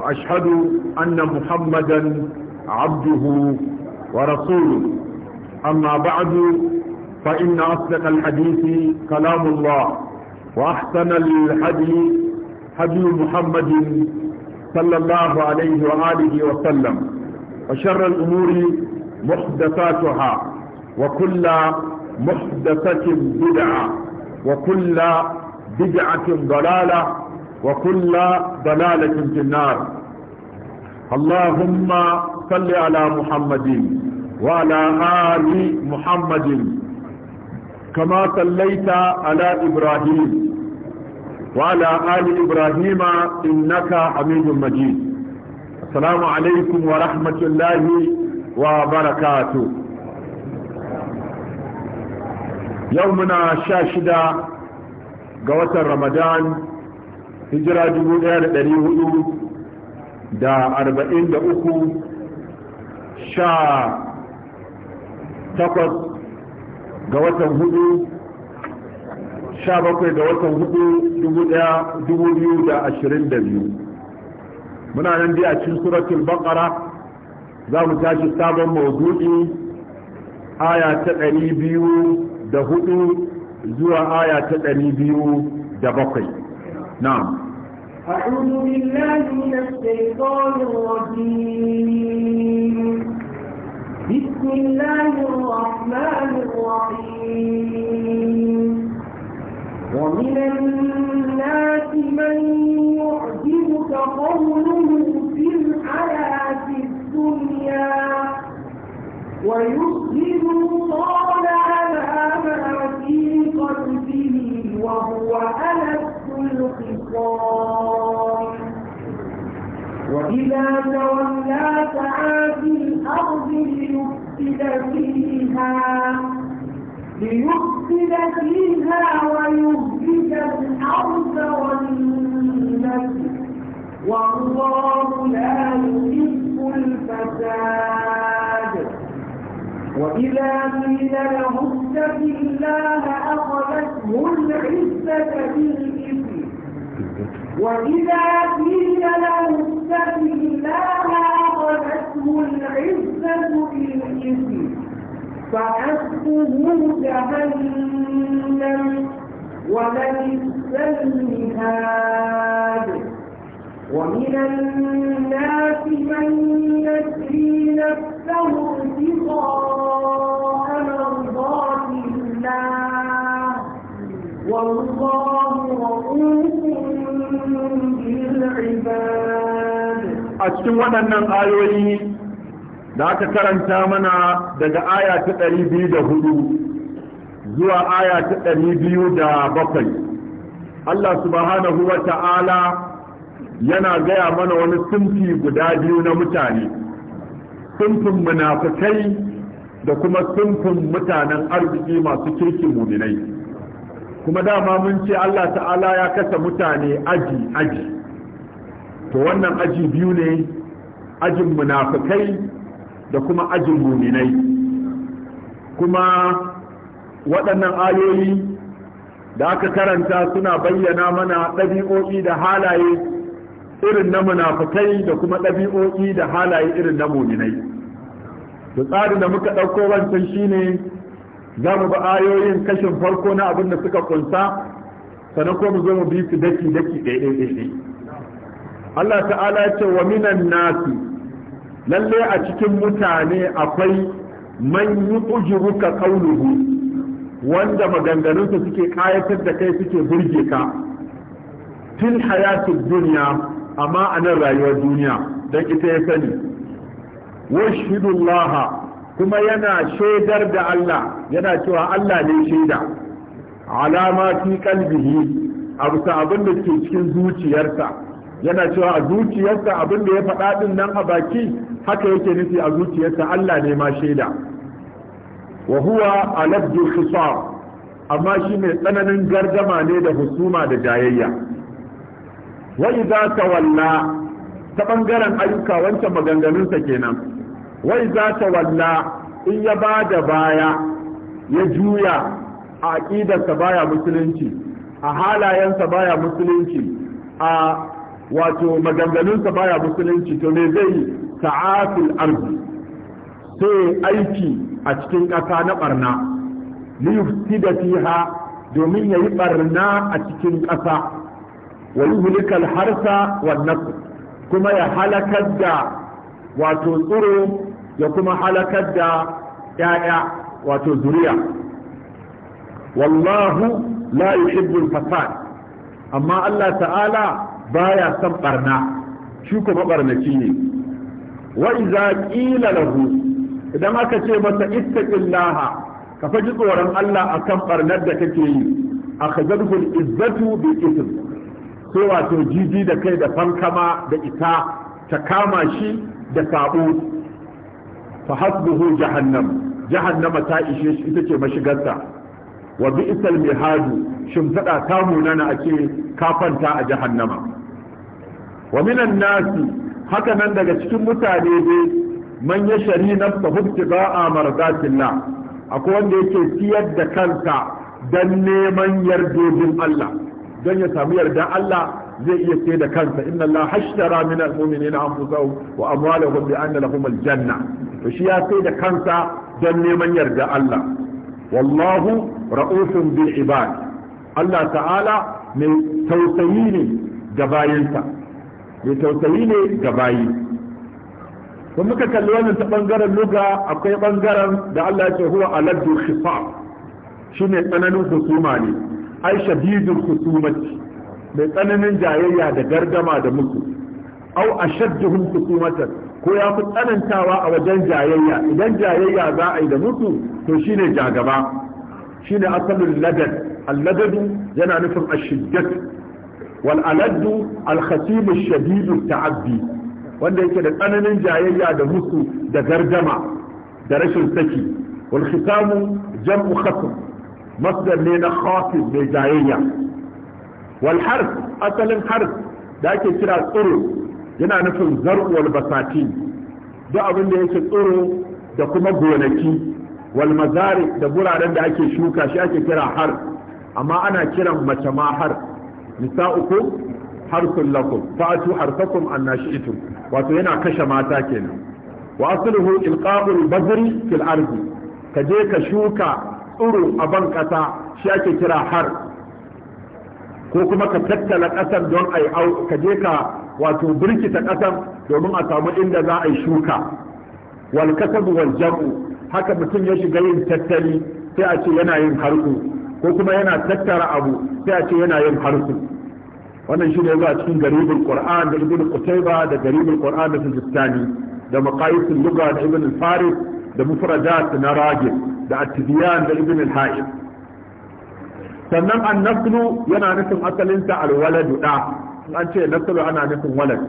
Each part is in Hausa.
وأشهد أن محمدا عبده ورسوله أما بعد فإن أصدق الحديث كلام الله وأحسن الحديث حدي محمد صلى الله عليه وآله وسلم وشر الأمور محدثاتها وكل محدثة بدعة وكل بدعة ضلالة وكل ضلالة في النار اللهم صل على محمد وعلى آل محمد كما صليت على إبراهيم وعلى آل إبراهيم إنك حميد مجيد السلام عليكم ورحمة الله وبركاته يومنا شاشدة قوة رمضان hijira dubu ɗaya da ɗari hudu da arba'in da uku sha takwas ga watan hudu sha bakwai ga watan hudu dubu ɗaya dubu biyu da ashirin da biyu muna nan biya cikin suratul baqara za mu tashi sabon mawudu'i aya ta ɗari biyu da hudu zuwa aya ta ɗari biyu da bakwai نعم أعوذ بالله من الشيطان الرجيم بسم الله الرحمن الرحيم ومن الناس من يعجبك قوله في الحياة الدنيا ويسجد الله على ما في قلبه وهو ألف الخلق وإذا تولى سعى في الأرض ليفسد فيها ليفسد فيها ويهلك الأرض والنسل والله لا يحب الفساد وإذا قيل له اتق الله أخذته العزة بالإثم وإذا قيل له اتق الله أخذته العزة بالإثم فحسبه جهنم ولبئس المهاد ومن الناس من يجري نفسه ابتغاء مرضات الله والله رؤوف a cikin waɗannan ayoyi da aka karanta mana daga aya ta ɗari biyu da hudu zuwa aya ta ɗari biyu da bakwai Allah subhanahu wa ta'ala yana gaya mana wani sumfi guda biyu na mutane sumfin munafukai da kuma sumfin mutanen arziki masu kirkin muminai kuma dama mun ce Allah ta'ala ya kasa mutane aji aji to wannan aji biyu ne ajin munafikai da kuma ajin muminai kuma waɗannan ayoyi da aka karanta suna bayyana mana ɗabi'o'i da halaye irin na munafikai da kuma ɗabi'o'i da halaye irin na muminai to tsarin da muka ɗauko wancan shine za mu ba ayoyin kashin farko na abin da suka kunsa sannan ko mu zo mu bi su daki daki daidai-dai. Allah ta'ala ya ce wa minan nasi lalle a cikin mutane akwai man yuqjiru ka qawluhu wanda maganganunsa suke kayatar da kai suke burge ka tin hayatul dunya amma anan rayuwar duniya dan ita ya sani washhidullah kuma yana shaidar da Allah yana cewa Allah ne shaida alama fi kalbihi abusa abin da ke cikin zuciyarsa yana cewa a zuciyarsa abin da ya faɗa din nan a baki haka yake nufi a zuciyarsa Allah ne ma shaida wa huwa alabdu khisar amma shi mai tsananin gardama ne da husuma da jayayya wa idza tawalla ta bangaren ayyuka wancan maganganunsa kenan wai za ta walla in ya ba da baya ya juya a aƙidarsa baya musulunci a halayensa baya musulunci a wato maganganunsa baya musulunci to me zai yi sa'afil arzi sai aiki a cikin ƙasa na ɓarna da fiha domin ya yi ɓarna a cikin ƙasa wa yuhlikal harsa wan kuma ya halakar da wato tsiro ya kuma halakar da ‘ya'ya wato zuriya wallahu la yuhibbul fasad amma Allah ta'ala baya son barna shi kuma barnaci ne wa iza qila lahu idan aka ce masa illaha, ka faji tsoron Allah akan ɓarnar da kake yi akhadhahu al-izzatu bi ithm sai wato jiji da kai da fankama da ita ta kama shi da sabo fa hasbuhu jahannam jahannama ta ishe shi ita ce mashigarta wa bi'sal hadu, shimfiɗa ta munana ake kafanta a jahannama wa minan nasi haka nan daga cikin mutane dai man ya shari nafsa hubtiba'a mardatillah akwai wanda yake siyar da kansa dan neman yardodin Allah don ya samu yarda Allah zai iya sai da kansa inna Allah hashtara min al na anfusahum wa amwalahum bi anna lahum al-janna to shi ya sai da kansa don neman yarda Allah wallahu ra'ufun bi ibad Allah ta'ala mai tausayi ne ga bayinsa mai tausayi ne ga bayi to muka kalli wannan ta bangaren luga akwai bangaren da Allah ya ce huwa aladdu khisab shine tsananin husuma ne ai shadidul husumati mai tsananin jayayya da gargama da mutu au ashadduhum hukumatan ko ya fi tsanantawa a wajen jayayya idan jayayya za a yi da mutu to shine jagaba shine asalin ladad alladadu yana nufin ashiddat wal aladdu al khatim shadid ta'addi wanda yake da tsananin jayayya da mutu da gargama da rashin saki wal khitamu jam'u khatm masdar ne na khatif mai jayayya wal asalin harf da ake kira tsiro yana nufin zar'u wal basati duk abin yake tsiro da kuma gonaki walmazari, da guraren da ake shuka shi ake kira har amma ana kiran mace ma har nisa'ukum harsun lakum fa'atu harsakum annashi'tum wato yana kashe mata kenan wa asluhu ilqa'ul badri fil ardi kaje ka shuka tsiro a ban kasa shi ake kira har ko kuma ka tattala ƙasar don a ka je ka wato birkita ƙasar domin a samu inda za a yi shuka wal kasar wal jam'u haka mutum ya shiga yin tattali sai a ce yana yin harku ko kuma yana tattara abu sai a ce yana yin harku wannan shi ne zuwa cikin garibin qur'an da ibn qutayba da garibin qur'an da sujistani da maqayisul lugha da ibn al-farid da mufradat na ragib da at-tibyan da ibn al-hayy sannan an naslu yana nufin asalinsa alwaladu da an ce naslu ana nufin walad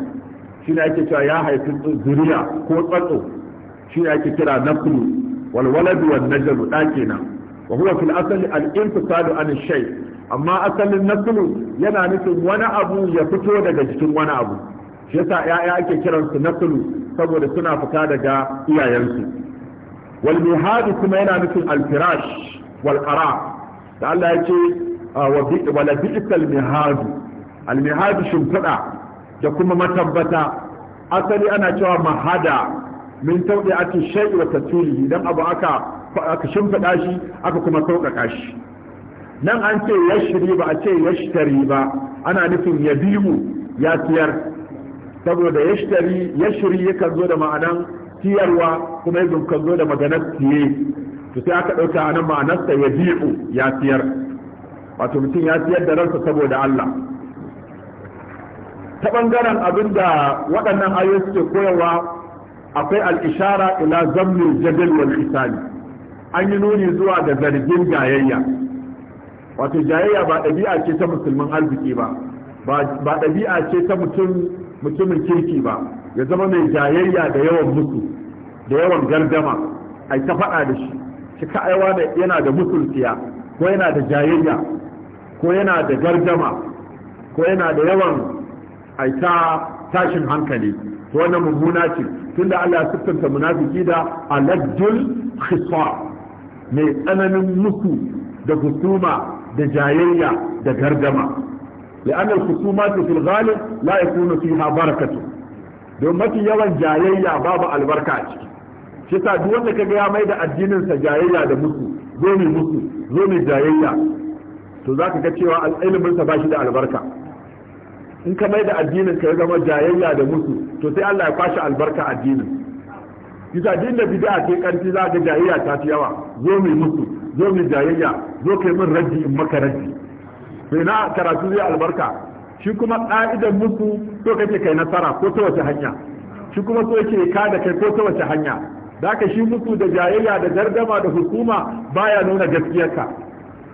shi ne ake cewa ya haifi zuriya ko tsatso shi ne ake kira naslu walwaladu wan najalu da kenan wa huwa fil asali al infisadu an shay amma asalin naslu yana nufin wani abu ya fito daga jikin wani abu shi yasa ya'ya ake kiransu naslu saboda suna fita daga iyayensu wal mihadu kuma yana nufin al firash wal qara da Allah ya ce ah, wa la bi'sal mihadu al mihadu da kuma matabbata asali ana cewa mahada min tawdi ake shay'i wa tatwilihi dan abu aka aka shi aka kuma sauƙaƙa shi nan an ce yashri ba a ce yashtari ba ana nufin yabiu ya siyar saboda yashtari yashri yakan zo da ma'anan tiyarwa, kuma kan zo da maganar siye to sai aka ɗauka a nan ma'anarsa ya bi'u ya siyar wato mutum ya siyar da ransa saboda Allah ta ɓangaren abin da waɗannan ayoyi suke koyarwa akwai al'ishara ila zammin jadal wal isali an yi nuni zuwa da zargin jayayya wato jayayya ba ɗabi'a ce ta musulmin arziki ba ba ɗabi'a ce ta mutumin kirki ba ya zama mai jayayya da yawan mutu da yawan gardama ai ta faɗa da shi shi ka da yana da musulciya ko yana da jayayya ko yana da gardama, ko yana da yawan aita tashin hankali ko wannan mummuna ce tunda Allah ya siffanta munafiki da aladul khisar mai tsananin musu da husuma da jayayya da gargama لأن الخصومات في الغالب لا يكون فيها بركة don mafi yawan jayayya babu albarka a ciki shi sa duk wanda kaga ya mai da addinin sa jayayya da musu zo ne musu zo ne jayayya to zaka ga cewa ilimin sa bashi da albarka in ka mai da addinin ka ya zama jayayya da musu to sai Allah ya kwashi albarka addinin sa din da bid'a ke karfi za ga jayayya ta fi yawa zo mai musu zo mai jayayya zo kai min raddi in maka raddi sai na karatu zai albarka shi kuma ka'idan musu to kake kai nasara ko ta wace hanya shi kuma so yake ka da kai ko ta wace hanya da ka shi mutu da jayayya da dardama, da hukuma baya nuna gaskiyarka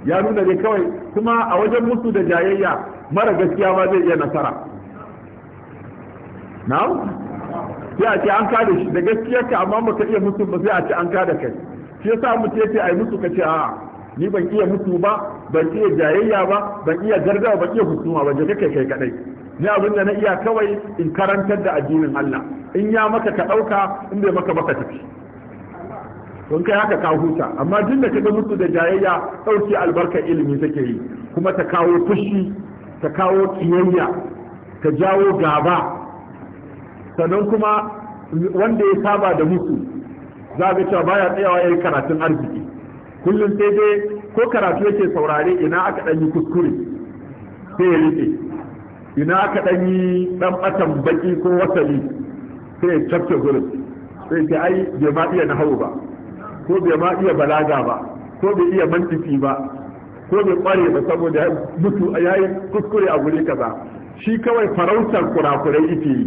ya nuna ne kawai kuma a wajen mutu da jayayya mara gaskiya ma zai iya nasara na'am sai a ce an kada shi da gaskiyarka amma baka iya mutu ba sai a ce an kada kai shi yasa mutum yace ai mutu kace a'a ni ban iya mutu ba ban iya jayayya ba ban iya dardama, ban iya hukuma ba je kai kai kadai ni abin da na iya kawai in karantar da addinin Allah in ya maka ka ɗauka in bai maka baka tafi don kai haka ka huta amma duk da kaga musu da jayayya ɗauki albarkar ilimi take yi kuma ta kawo fushi ta kawo kiyayya ta jawo gaba sannan kuma wanda ya saba da mutu za ga cewa baya tsayawa yayin karatun arziki kullum sai dai ko karatu yake saurare ina aka ɗan yi kuskure sai ya rike ina aka dan yi dan batan baki ko wasali sai ya tafke gurin sai ce ai bai ma iya nahawu ba ko bai ma iya balaga ba ko bai iya mantifi ba ko bai kware ba saboda mutu ya yi kuskure a guri kaza shi kawai farautar kurakurai yake yi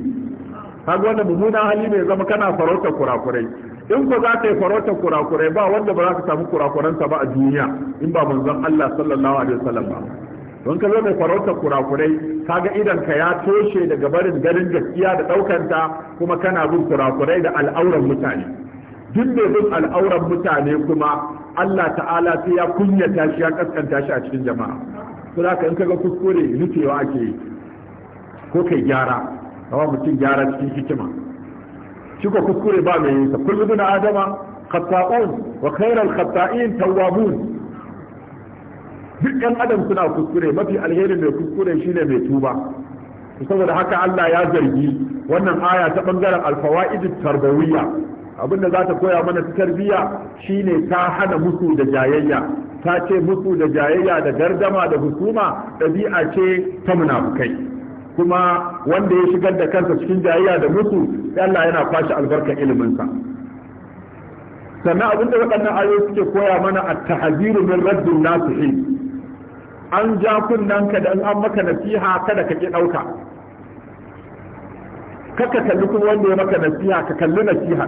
kaga wannan mummunan hali ne zama kana farautar kurakurai in ko za ka yi farautar kurakurai ba wanda ba za ka samu kurakuransa ba a duniya in ba manzon Allah sallallahu alaihi wasallam ba don ka zo mai farautar kurakurai kaga idan ka ya toshe daga barin ganin gaskiya da ɗaukanta kuma kana bin kurakurai da al'auran mutane duk mai bin al'auran mutane kuma Allah ta'ala sai ya kunyata shi ya kaskanta shi a cikin jama'a to haka in kaga kuskure rufewa ake yi ko kai gyara kawa mutum gyara cikin hikima shi ko kuskure ba mai yi. sa kullu na adama khata'un wa khairal khata'in tawwabun duk yan adam suna kuskure mafi alheri mai kuskure shine mai tuba saboda haka Allah ya zargi wannan aya ta bangaren alfawaid tarbawiyya abinda za ta koya mana ta tarbiyya shine ta hana musu da jayayya ta ce musu da jayayya da gardama da husuma ɗabi'a ce ta munafukai kuma wanda ya shigar da kansa cikin jayayya da musu, Allah yana kwashe albarkar iliminsa sannan abinda waɗannan ayoyi suke koya mana a tahaziru min raddin nasihi an ja kunnanka da an maka nasiha kada ka ki ɗauka kaka kalli kuma wanda ya maka nasiha ka kalli nasiha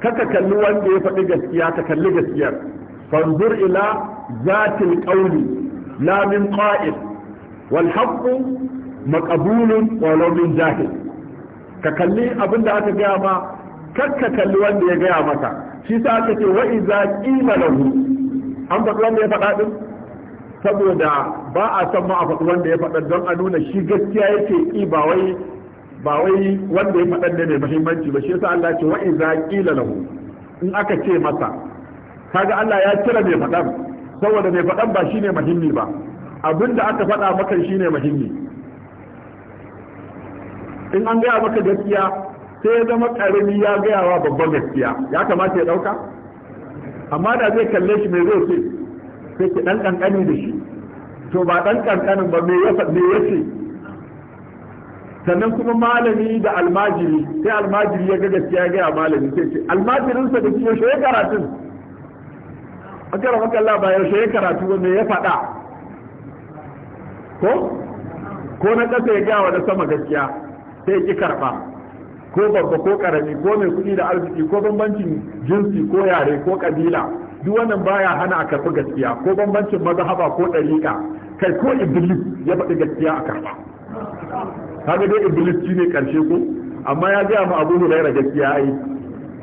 kaka kalli wanda ya faɗi gaskiya ka kalli gaskiyar fanzur ila zatil qawli la min qa'il wal haqqu maqbulun wa law min jahil ka kalli abinda aka gaya ma kakka kalli wanda ya gaya maka shi sa aka ce wa iza qila lahu an faɗi wanda ya faɗa din saboda ba a san ma a faɗi wanda ya faɗa don a nuna shi gaskiya yake ki ba wai ba wai wanda ya faɗa ne mai muhimmanci ba shi yasa Allah ce wa iza qila lahu in aka ce masa kaga Allah ya kira mai faɗan saboda mai faɗan ba shine muhimmi ba abinda aka faɗa maka shine muhimmi in an gaya maka gaskiya sai ya zama karami ya gaya wa babban gaskiya ya kamata ya ɗauka amma da zai kalle shi mai zai ce sai ki dan kankani da shi to ba dan kankanin ba me yasa me yace sannan kuma malami da almajiri sai almajiri ya ga gaskiya ya ga malami sai ce almajirin sa da kiyo shi ya karatu akara maka Allah ba yaushe ya karatu ba me ya faɗa ko ko na kasa ya ga wa sama gaskiya sai ki karba ko babba ko karami ko mai kuɗi da arziki ko bambancin jinsi ko yare ko kabila duk wannan baya hana a karɓi gaskiya ko bambancin mazhaba ko ɗariƙa kai ko iblis ya faɗi gaskiya a karɓa kaga dai iblis shine karshe ko amma ya gaya ma abu hurairah gaskiya ai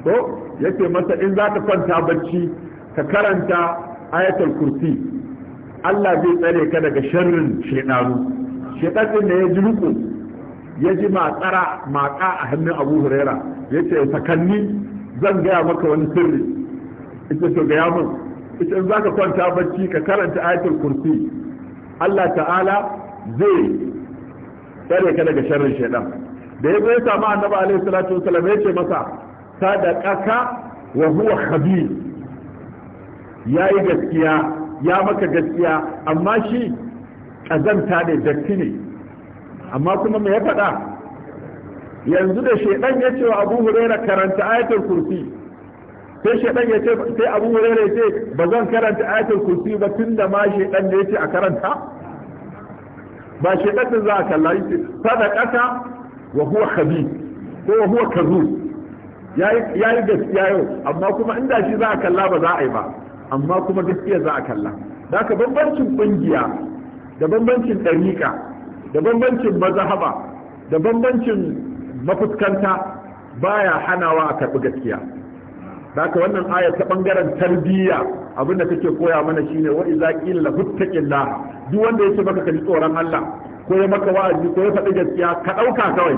to yace masa in za ka kwanta bacci ka karanta ayatul kursi Allah zai tsare ka daga sharrin shedanu shedanin ne ya ji ruku ya ji matsara maka a hannun abu hurairah yace sakanni zan gaya maka wani sirri ita so ga mun? ita in zaka kwanta bacci ka karanta ayatul kursi Allah ta'ala zai tsare ka daga sharrin shaytan da ya ya samu annabi alaihi salatu wasallam ya ce masa sadaqaka wa huwa khabir yayi gaskiya ya maka gaskiya amma shi kazanta da datti ne amma kuma me ya faɗa yanzu da shaidan ya ce wa abu huraira karanta ayatul kursi sai shaidan ya ce sai abu wuri ya ce ba zan karanta ayatul kursi ba da ma shaidan ne ce a karanta ba shaidan din za a kalla sada sadaqata wa huwa kabi ko wa huwa ya yi gaskiya yau amma kuma inda shi za a kalla ba za a yi ba amma kuma gaskiya za a kalla da ka bambancin kungiya da bambancin ɗariƙa da bambancin mazahaba da bambancin mafuskanta baya hanawa a karɓi gaskiya haka wannan aya ta bangaren tarbiyya abinda kake koya mana shine wa iza qila la huttaqilla duk wanda yake maka kaji tsoron Allah ko ya maka wa'azi ko ya faɗi gaskiya ka ɗauka kawai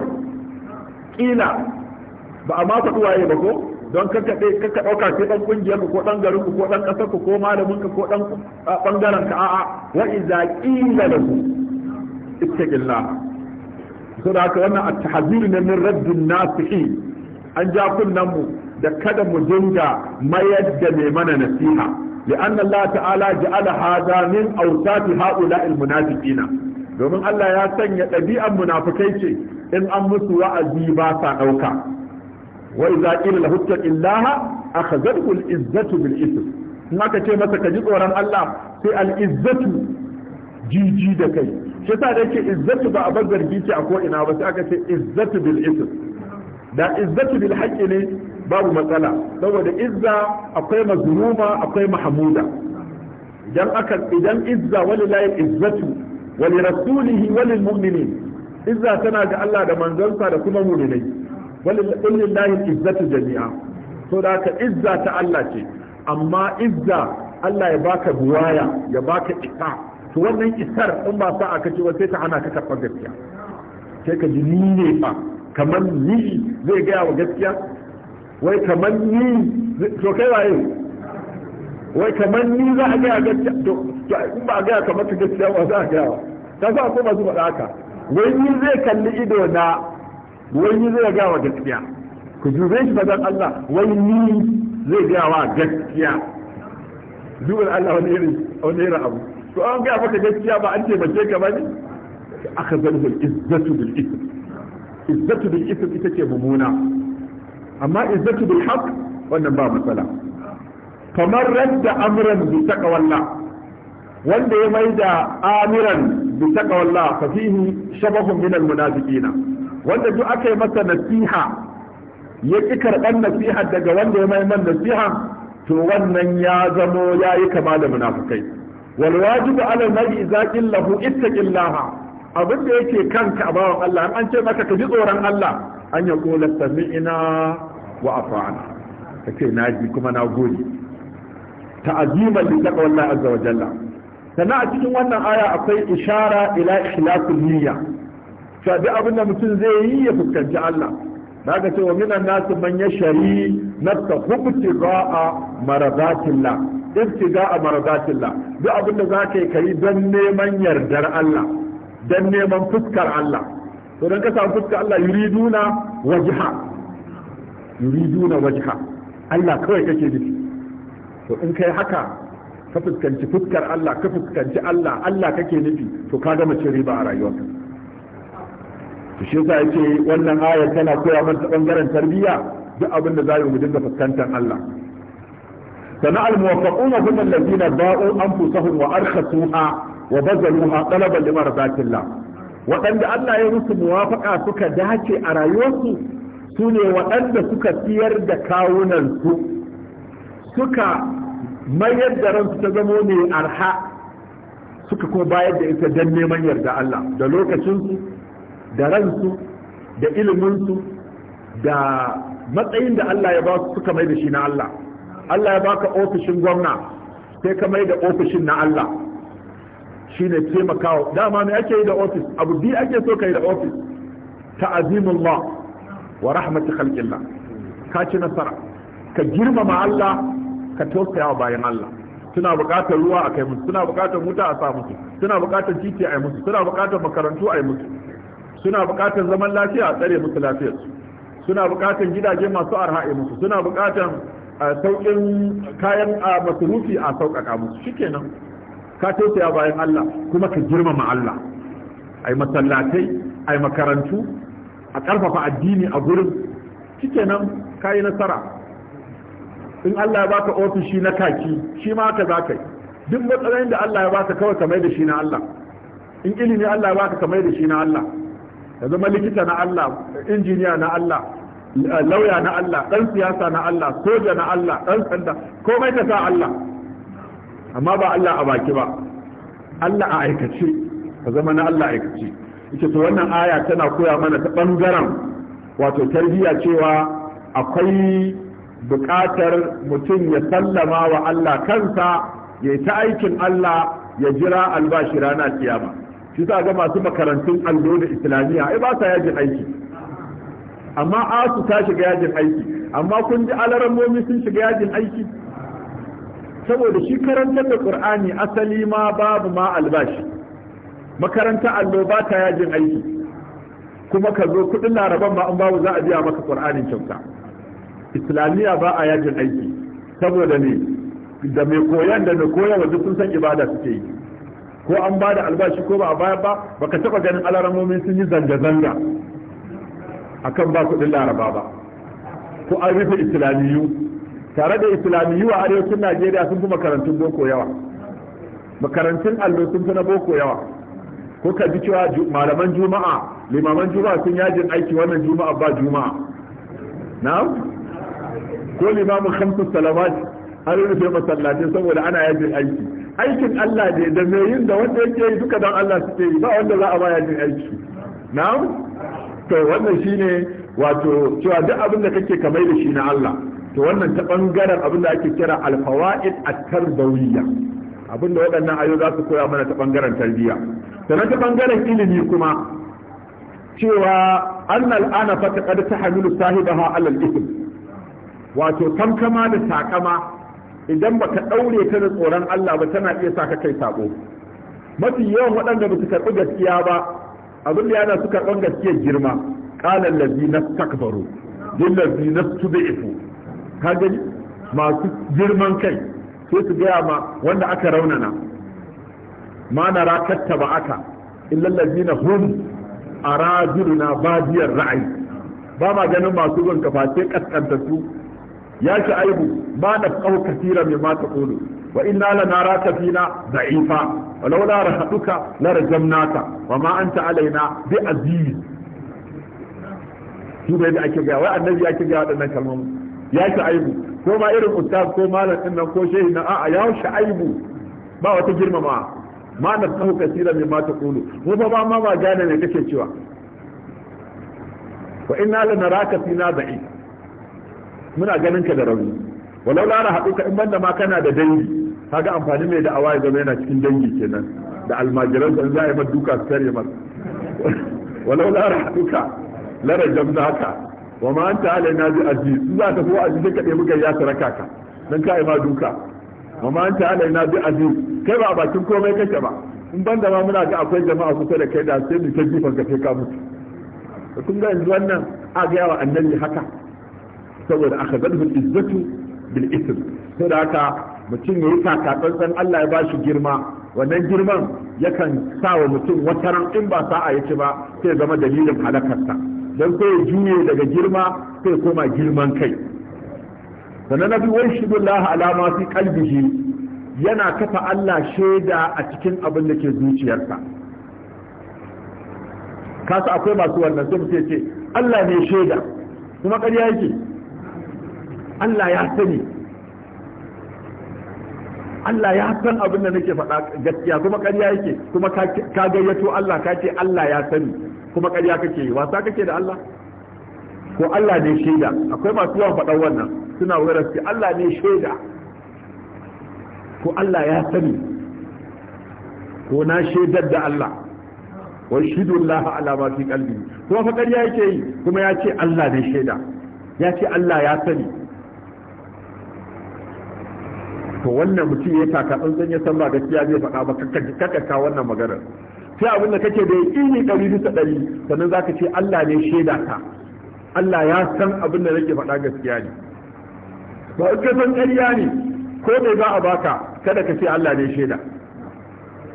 kila ba a ma faɗi waye ba ko don ka kaɗe ka ka ɗauka sai ɗan ƙungiyar ko ɗan garin ko ɗan ƙasar ko malamin ka ko ɗan ɓangaren ka a'a wa iza qila la huttaqilla saboda haka wannan at-tahzir ne min raddin nasihi an ja kunnan mu da kada mu dinga mayar da mai mana nasiha li'anna Allah ta'ala ji hadha min awsati ha'ula'il munafiqina domin Allah ya sanya ɗabi'an munafikai ce in an musu wa'azi ba sa ɗauka wa idza qila lahu ittaqillaha akhadhathu al-izzatu bil ithm in aka ce masa ka ji tsoron Allah sai al-izzatu jiji da kai shi yasa da yake izzatu ba a bar zargi ce a ko ina ba sai aka ce izzatu bil ithm da izzatu bil haqqi ne babu matsala saboda izza akwai mazmuma akwai mahmuda idan aka idan izza walillahi izzatu wa li rasulihi wa lil mu'minin izza tana ga Allah da manzansa da kuma mu'minai walillahi izzatu jami'a to da ka izza ta Allah ce amma izza Allah ya baka buwaya ya baka isa to wannan isar in ba sa aka ce sai ta hana ka karɓar gaskiya sai ka ji ni ne fa kamar ni zai gaya wa gaskiya wai kamar ni to kai waye wai kamar ni za a gaya gaskiya to in ba a gaya kamar ta gaskiya ba za a gaya ba ta sa ko masu faɗa haka wai ni zai kalli ido na wai ni zai gaya wa gaskiya ku jure shi bazan Allah wai ni zai gaya wa gaskiya zuwan Allah wani irin wani irin abu to an gaya maka gaskiya ba an taimake ka ba ne aka zarfin izzatu bil ism izzatu bil ism ita ce mumuna amma izzatu bil haqq wannan ba matsala kamar radda amran bi taqwallah wanda ya mai da amiran bi taqwallah fa fihi shabahun min al munafiqina wanda duk aka yi masa nasiha ya ki karban nasiha daga wanda ya mai man nasiha to wannan ya zamo yayi kama da munafikai wal wajibu ala nabi idza qillahu ittaqillaha abin da yake kanka a bawan Allah an ce maka ka ji tsoron Allah an ya kola sami'ina wa afa'ana ka ce na ji kuma na gode ta'azima li taqwallahi azza wa jalla sannan a cikin wannan aya akwai ishara ila ikhlasul niyya cewa duk abin da mutum zai yi ya fuskanci Allah daga cewa minan nasu man yashari nafsa hubti ra'a maradatillah ibtida'a maradatillah duk abin da zaka yi kai don neman yardar Allah don neman fuskar Allah to dan ka samu fuska Allah yuriduna wajha yuriduna wajha Allah kawai kake nufi to in kai haka ka fuskanci fuskar Allah ka fuskanci Allah Allah kake nufi to ka gama cin riba a rayuwarka to shi yasa yake wannan ayar tana koya mana ta bangaren tarbiyya duk abin da za mu dinga fuskantar Allah sana al-muwaffaqun hum alladhina ba'u anfusahum wa arkasuha wa bazaluha talaban li mardatillah waɗanda Allah ya musu muwafaƙa suka dace a rayuwarsu su ne waɗanda suka siyar da kawunansu suka mayar da ransu ta zamo ne arha suka ko bayar da ita don neman yarda Allah da lokacinsu da ransu da iliminsu da matsayin da Allah ya ba su suka mai da shi na Allah Allah ya baka ofishin gwamna sai ka mai da ofishin na Allah shine taimakawa dama me ake yi da ofis? abu bi ake so yi da ofis? office ta'azimullah wa rahmatu khalqillah ka ci nasara ka girmama Allah ka tausaya bayan Allah suna buƙatar ruwa a kai musu suna buƙatar wuta a sa musu suna buƙatar titi a yi musu suna buƙatar makarantu a yi musu suna buƙatar zaman lafiya a tsare musu lafiyar su suna buƙatar gidaje masu arha a musu suna buƙatar eh, sauƙin kayan ah, masarufi a sauƙaƙa musu shikenan ka tausaya bayan Allah kuma ka girmama Allah ai masallatai ai makarantu a ƙarfafa addini a gurin shikenan kayi nasara in Allah ya baka ofishi na kaki shi ma haka za ka yi duk matsalolin da Allah ya baka kawai kamar da shi na Allah in ilimi Allah ya baka kamar da shi na Allah ya zama likita na Allah injiniya na Allah lauya na Allah dan siyasa na Allah soja na Allah dan sanda komai ka sa Allah amma ba Allah a baki ba Allah a aikace ka zama na Allah aikace ita to wannan aya tana koya mana ta bangaren wato tarbiyya cewa akwai buƙatar mutum ya sallama wa Allah kansa ya yi ta aikin Allah ya jira albashi rana kiyama shi za ga masu makarantun allo da islamiyya ai ba sa yajin aiki amma asu ta shiga yajin aiki amma kun ji alarammomi sun shiga yajin aiki saboda shi karantar da qur'ani asali ma babu ma albashi makaranta allo ba ta yajin aiki kuma ka zo kudin laraban ma an babu za a biya maka qur'anin kyauta islamiyya ba a yajin aiki saboda ne da mai koyan da mai koyan wajen sun san ibada suke yi ko an ba da albashi ko ba a baya ba baka taba ganin alaramomin sun yi zanga-zanga akan ba kudin laraba ba ko an rufe islamiyu tare da islamiyu a arewacin najeriya sun fi makarantun boko yawa makarantun allo sun fi na boko yawa ko ka ji cewa malaman juma'a limaman juma'a sun yajin aiki wannan juma'a ba juma'a na ko limamin khamsu salawat an rufe masallacin saboda ana yajin aiki aikin Allah ne da mai yin da wanda yake yi duka don Allah su ke yi ba wanda za a ba yajin aiki na to wannan shine wato cewa duk abin da kake kamar da shi na Allah to wannan ta bangaren abin da ake kira alfawaid a tarbawiyya abin da waɗannan ayo za su koya mana ta bangaren tarbiyya sannan ta bangaren ilimi kuma cewa annal ana fa ta Hamilu sahibaha ala al wato tamkama da takama idan baka daure ta da tsoron Allah ba tana iya saka kai sako mafi yawan waɗanda ba su karɓi gaskiya ba abin da yana su karɓan gaskiyar girma qala allazi nastakbaru lillazi nastudifu ka gani masu girman kai sai su gaya ma wanda aka raunana ma na rakatta ba aka illallazina a araduna badiyar ra'ayi ba ma ganin masu bin kafafe kaskantattu ya shi aibu ma na kawo kasira mai mata tsoro wa inna la nara ka fina da'ifa wa laula rahaduka la rajamnaka wa ma anta alaina bi aziz shi da ake ga wai annabi ake ga waɗannan kalmomi ya aibu ko ma irin ustaz ko malam din nan ko shehi na a'a ya aibu ba wata girmama ma na sahu kasira mai ma kulu ko ba ba ma ba gane ne kake cewa wa inna lanaraka fina da'i muna ganin ka da rauni walau la rahaduka in banda ma kana da dangi kaga amfani mai da ya zama yana cikin dangi kenan da almajiran da za a yi duka su kare masa walau la rahaduka la haka wa ma anta alaina bi aziz in za ka so a sai ka muka ya saraka ka dan kai ma duka wa ma anta alaina bi aziz kai ba a bakin komai kake ba in banda ma muna ga akwai jama'a kusa da kai da sai mu ta jifan sai ka mutu kun ga yanzu wannan a ga yawa annabi haka saboda akhadhu izzatu bil ism saboda haka mutum ya yi kakatsantsan Allah ya bashi girma wannan girman yakan sa wa mutum wataran in ba sa'a ya ba sai zama dalilin halakarsa don sai ya juye daga girma sai koma girman kai sannan na biyu wai shidullah alama fi kalbihi yana kafa Allah shaida a cikin abin da ke zuciyarsa sa akwai masu wannan sai mutum ce Allah ne shaida kuma ƙarya yake Allah ya sani Allah ya san abin da nake faɗa gaskiya kuma ƙarya yake kuma ka gayyato Allah ka ce Allah ya sani kuma ƙarya kake yi wasa kake da Allah ko Allah ne shaida akwai masu yawan faɗan wannan suna wura su Allah ne shaida ko Allah ya sani ko na shaidar da Allah wa shidu Allah ala ma fi kalbi kuma fa ƙarya yake yi kuma ya ce Allah ne shaida ya ce Allah ya sani to wannan mutum ya taka tsantsan ya san ba gaskiya zai faɗa ba ka wannan maganar sai abin da kake da yaƙini ɗari bisa ɗari sannan za ka ce Allah ne shaida ka Allah ya san abin da nake faɗa gaskiya ne ba in ka san ƙarya ne ko me za a baka kada ka ce Allah ne shaida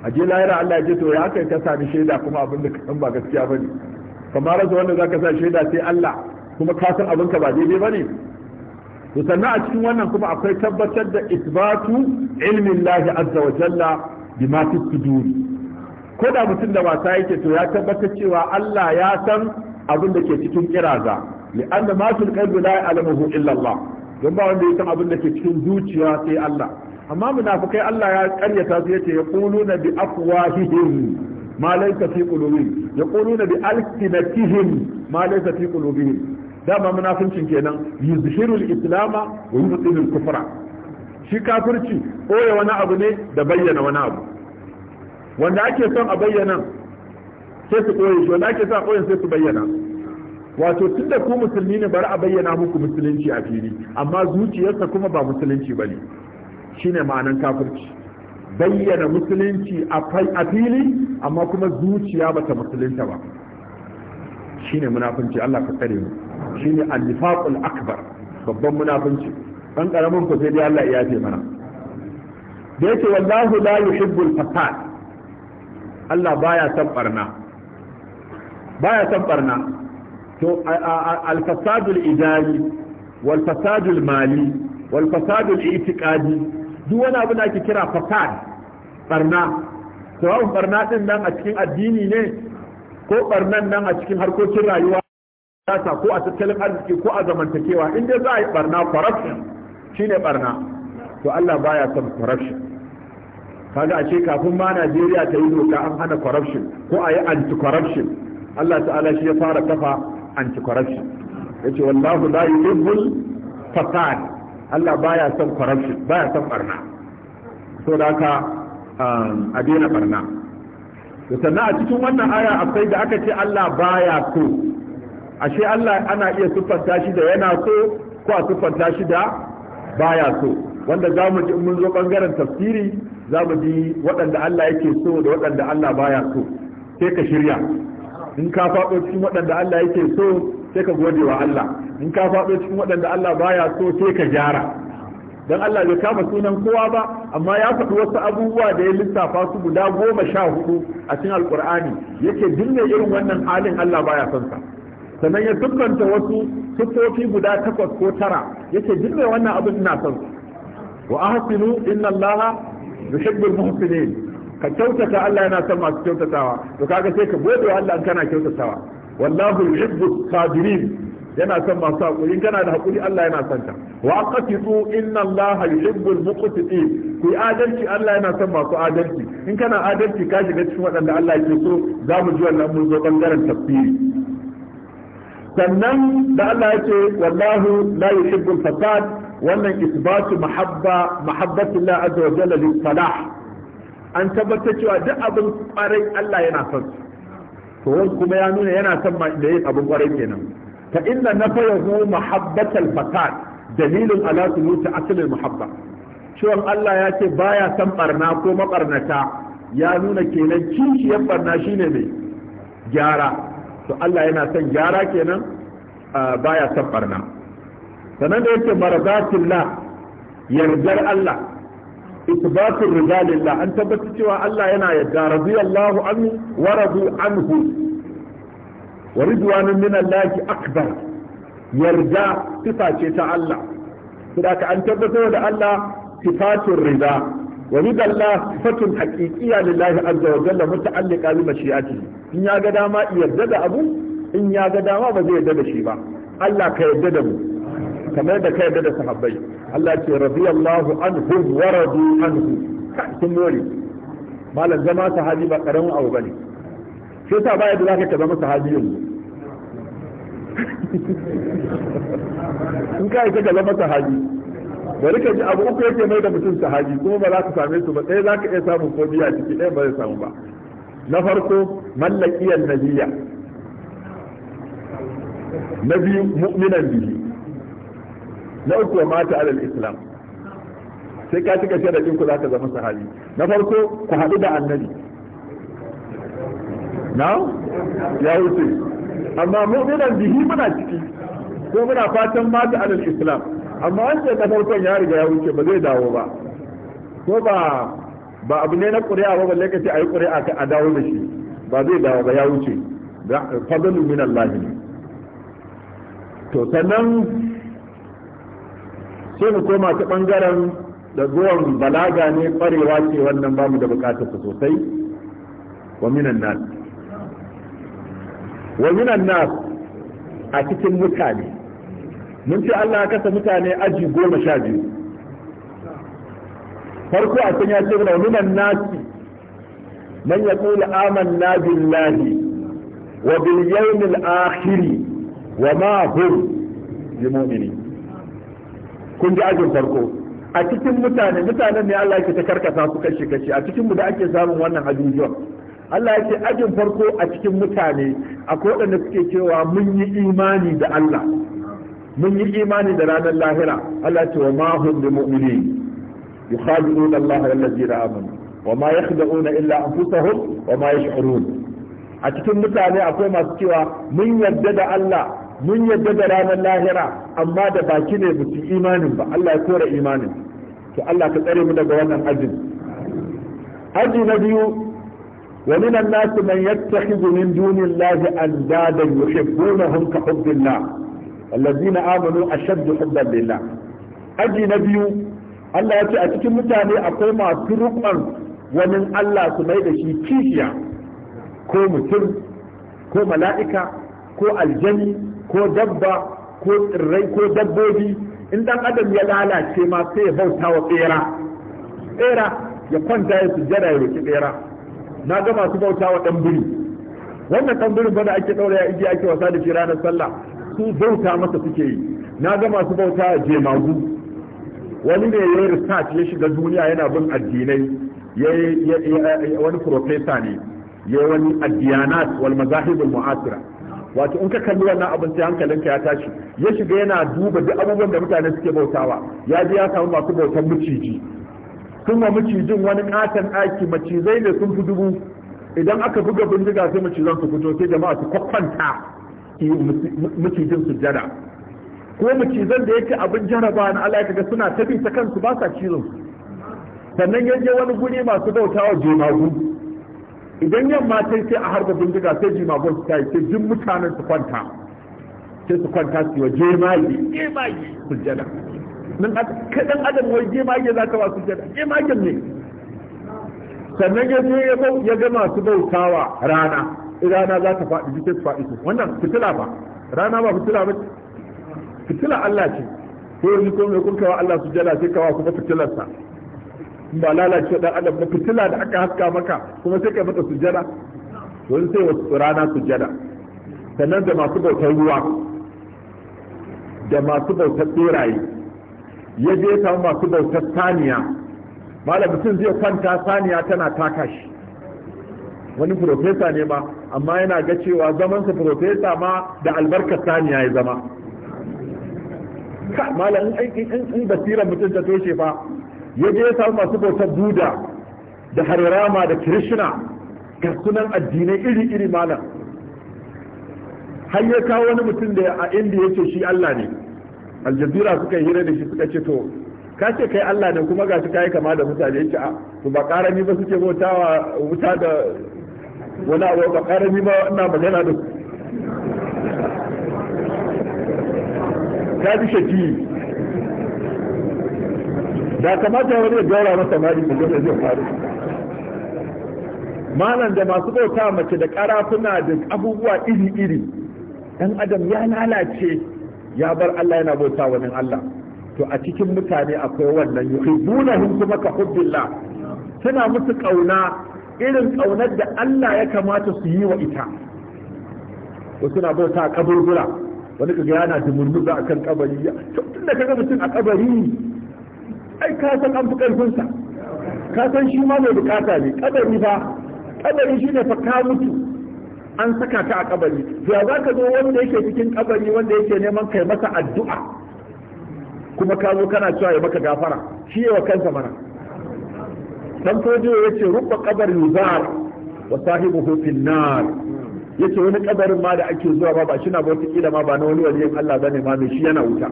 a je lahira Allah ya ce to ya kai ka sami shaida kuma abin da ka san ba gaskiya bane kamar da wanda za ka sa shaida sai Allah kuma ka san abin ka ba daidai bane to sannan a cikin wannan kuma akwai tabbatar da isbatu ilmin lahi azza wa jalla bi ma fi sudur ko da mutum da wasa yake to ya tabbatar cewa Allah ya san abin da ke cikin kiraza li anna ma fil qalbi la ya'lamuhu illa don ba wanda ya san abin da ke cikin zuciya sai Allah amma munafikai Allah ya karyata su ya yaquluna bi afwahihim ma laysa fi qulubihim yaquluna bi dama munafincin kenan al islama wa al kufra shi kafirci koya wani abu ne da bayyana wani abu wanda ake son a bayyana sai su koye shi wanda ake son a koye sai su bayyana wato tunda ku musulmi ne bari a bayyana muku musulunci a fili amma zuciyarsa kuma ba musulunci bane shine ma'anan kafirci bayyana musulunci a fili amma kuma zuciya bata musulunta ba ne munafunci Allah ka tsare mu shine ne nifaqul akbar babban munafunci dan karamin ku sai dai Allah ya yafe mana da yake wallahu la yuhibbul fasad Allah baya son barna baya son barna to al-fasadul idari wal fasadul mali wal fasadul itiqadi duk wani abu da ake kira fasad barna sawa'un barna din nan a cikin addini ne ko barnan nan a cikin harkokin rayuwa siyasa ko a tattalin arziki ko a zamantakewa in dai za a yi barna corruption shine barna to Allah baya son corruption kaga a ce kafin ma Najeriya ta yi doka an hana corruption ko a yi anti corruption Allah ta'ala shi ya fara kafa anti corruption yace wallahu la yuhibbul fasad Allah baya son corruption baya son barna so da haka um, a daina barna to sannan a cikin wannan aya akwai da aka ce Allah baya so ashe Allah ana iya siffanta shi da yana so ko a siffanta shi da baya so wanda za mu ji mun zo bangaren tafsiri za mu ji waɗanda Allah yake so da waɗanda Allah baya so sai ka shirya in ka faɗo cikin waɗanda Allah yake so sai ka gode wa Allah in ka faɗo cikin waɗanda Allah baya so sai ka gyara dan Allah bai kama sunan kowa ba amma ya faɗi wasu abubuwa da ya lissafa su guda goma sha hudu a cikin alkur'ani yake dinne irin wannan halin Allah baya son sa sannan ya dukkanta wasu sufofi guda takwas ko tara yake dinne wannan abin ina son sa wa ahsinu inna allaha yuhibbul muhsinin ka kyautata Allah yana son masu kyautatawa to kaga sai ka gode wa Allah kana kyautatawa wallahu yuhibbu sabirin yana son masu hakuri kana da hakuri Allah yana son ka wa aqtitu inna Allah yuhibbul muqtitin ku adalci Allah yana son masu adalci in kana adalci ka shiga cikin waɗanda Allah ke so za mu ji wannan mun zo bangaren tafsiri sannan da Allah yake wallahu la yuhibbul fasad wannan isbatu mahabba mahabbatullah azza wa jalla lil falah an tabbatar cewa duk abin kwarai Allah yana son to wani kuma ya nuna yana son ma da yin abin kwarai kenan fa inna nafayahu mahabbatal fasad dalilin ala suluti asalin muhabba Ciwon Allah ya ce baya son barna ko maɓarnata, ya nuna kenan kishiyar barna shine mai gyara to Allah yana son gyara kenan baya san barna sanan da yake marzatillah yardar Allah isbatul rijalillah an tabbata cewa Allah yana yarda radiyallahu anhu wa radu anhu wa ridwanun min Allah akbar yarda tiface ta Allah ka an tabbatar da Allah tifatun rida wa rida Allah sifatun haqiqiyya lillahi azza wa jalla muta'alliqa bi mashi'ati in ya ga dama yarda da abu in ya ga dama ba zai yarda da shi ba Allah ka yarda da mu kamar da ka yarda da sahabbai Allah ce radiyallahu anhu wa radu anhu sun more malam zama sahabi ba karamin abu bane shi ta baya da zaka masa sahabi yanzu in ka yi ka masa sahabi bari ka ji abu uku yake mai da mutum sahabi kuma ba za ka same su ba ɗaya za ka iya samun ko biya ciki ɗaya ba zai samu ba na farko mallakiyar nabiya na biyu mu'minan biyu na uku wa mata alal islam sai ka cika sharaɗin ku za ka zama sahabi na farko ku haɗu da annabi na ya wuce amma mu'minan bihi muna ciki ko muna fatan mata alal islam amma an ce na kan ya riga ya wuce ba zai dawo ba ko ba ba abu ne na ƙuri'a ba balle kace ayi ƙuri'a ka a dawo da shi ba zai dawo ba ya wuce fadlu min Allah ne to sannan sai mu koma ta bangaren da zuwan balaga ne ƙwarewa ce wannan bamu da bukatar sosai wa minan nas wa minan nas a cikin mutane mun ce Allah ya kasa mutane aji goma sha biyu farko a cikin ya ce wa minan nas man kula amanna billahi wa bil yawmil akhir wa ma hum limu'mini kun ji ajin farko a cikin mutane mutanen ne Allah yake ta karkasa su kashi kashi a cikin mu da ake samun wannan ajujuwan Allah ya ce ajin farko a cikin mutane akwai waɗanda suke cewa mun yi imani da Allah mun yi imani da ranar lahira Allah ce wa ma hum bi mu'minin yukhadi'una Allah wal ladina amanu wa ma yakhda'una illa anfusahum wa ma yash'urun a cikin mutane akwai masu cewa mun yarda da Allah mun yarda da ranar lahira amma da baki ne ba su imanin ba Allah ya kore imanin to Allah ka tsare mu daga wannan ajin aji na biyu ومن الناس من يتخذ من دون الله أندادا يحبونهم كحب الله الذين آمنوا أشد حبا لله أجي نبي Allah ce a cikin mutane akwai masu rukon wani Allah su mai da shi kishiya ko mutum ko mala'ika ko aljami ko dabba ko tsirrai ko dabbobi in dan adam ya lalace ma sai ya bauta wa tsera tsera ya kwanta ya sujjada ya waki tsera na ga masu bauta wa dan biri wannan dan ba da ake daura ya igiya ake wasa da shi ranar sallah su bauta masa suke yi na ga masu bauta a jemagu wani ne ya yi research ya shiga duniya yana bin addinai ya wani profesa ne ya wani addiyanat wal mazahibul mu'asira wato in ka kalli wannan abin sai hankalinka ya tashi ya shiga yana duba duk abubuwan da mutane suke bautawa ya je ya samu masu bautar miciji sun wa macijin wani katon aiki macizai ne sun fi dubu idan aka buga bindiga sai macizan su fito sai jama'a su kwakwanta macijin jada ko macizan da yake abin jaraba na Allah kaga suna tafi ta kansu ba sa cizon su sannan ya je wani guri masu bautawa jemagu idan yamma ta sai a harba bindiga sai jemagun su tayi sai jin mutanen su kwanta sai su kwanta su yi wa jemagi jemagi jada nan kaɗan adam wai je mage za ta ba su jada je mage ne sannan ya zo ya ga masu bautawa rana rana za ta faɗi jikin su faɗi su wannan fitila ba rana ba fitila ba fitila Allah ce ko yanzu ko mai kunkawa Allah su jada sai kawa kuma fitilarsa ba lalace dan adam ba fitila da aka haska maka kuma sai kai mata jada. wani sai wasu rana jada. sannan da masu bautar ruwa da masu bautar beraye ya je samu masu bautar saniya malam mutum zai kwanta saniya tana taka shi wani profesa ne ma amma yana ga cewa zamansa profesa ma da albarkar saniya ya zama ka aiki in basira mutum ta toshe fa ya je ya samu masu bautar buda da harirama da krishna ga sunan addinai iri-iri malam har ya kawo wani mutum da a inda ya ce shi allah ne aljazira suka yi hira da shi suka ce to ka ce kai Allah ne kuma gashi kai kama da mutane yake a to ba karami ba suke bautawa wuta da wani abu ba karami ba ina magana da ka bi shaki da kamata wani ya gaura masa mali mu zai zai faru malam da masu bauta mace da karafuna da abubuwa iri-iri dan adam ya lalace ya bar Allah yana bauta wani Allah to a cikin mutane akwai wannan yuhibbunahum kuma ka hubbillah suna musu kauna irin kaunar da Allah ya kamata su yi wa ita wasu suna bauta kaburbura wani kaga yana dumurmuza akan kabari tun da kaga mutum a kabari ai ka san an fi karfin sa ka san shi ma mai bukata ne kabari ba kabari shine fa ka mutu an saka ta a kabari to ya zaka zo wanda yake cikin kabari wanda yake neman kai masa addu'a kuma ka zo kana cewa ya maka gafara shi yawa kansa mana dan fojo yace rubba qabr yuzar wa sahibuhu fil nar yace wani kabarin ma da ake zuwa ba ba shi na bauta kila ma ba na wani waliyan Allah bane ma mai shi yana wuta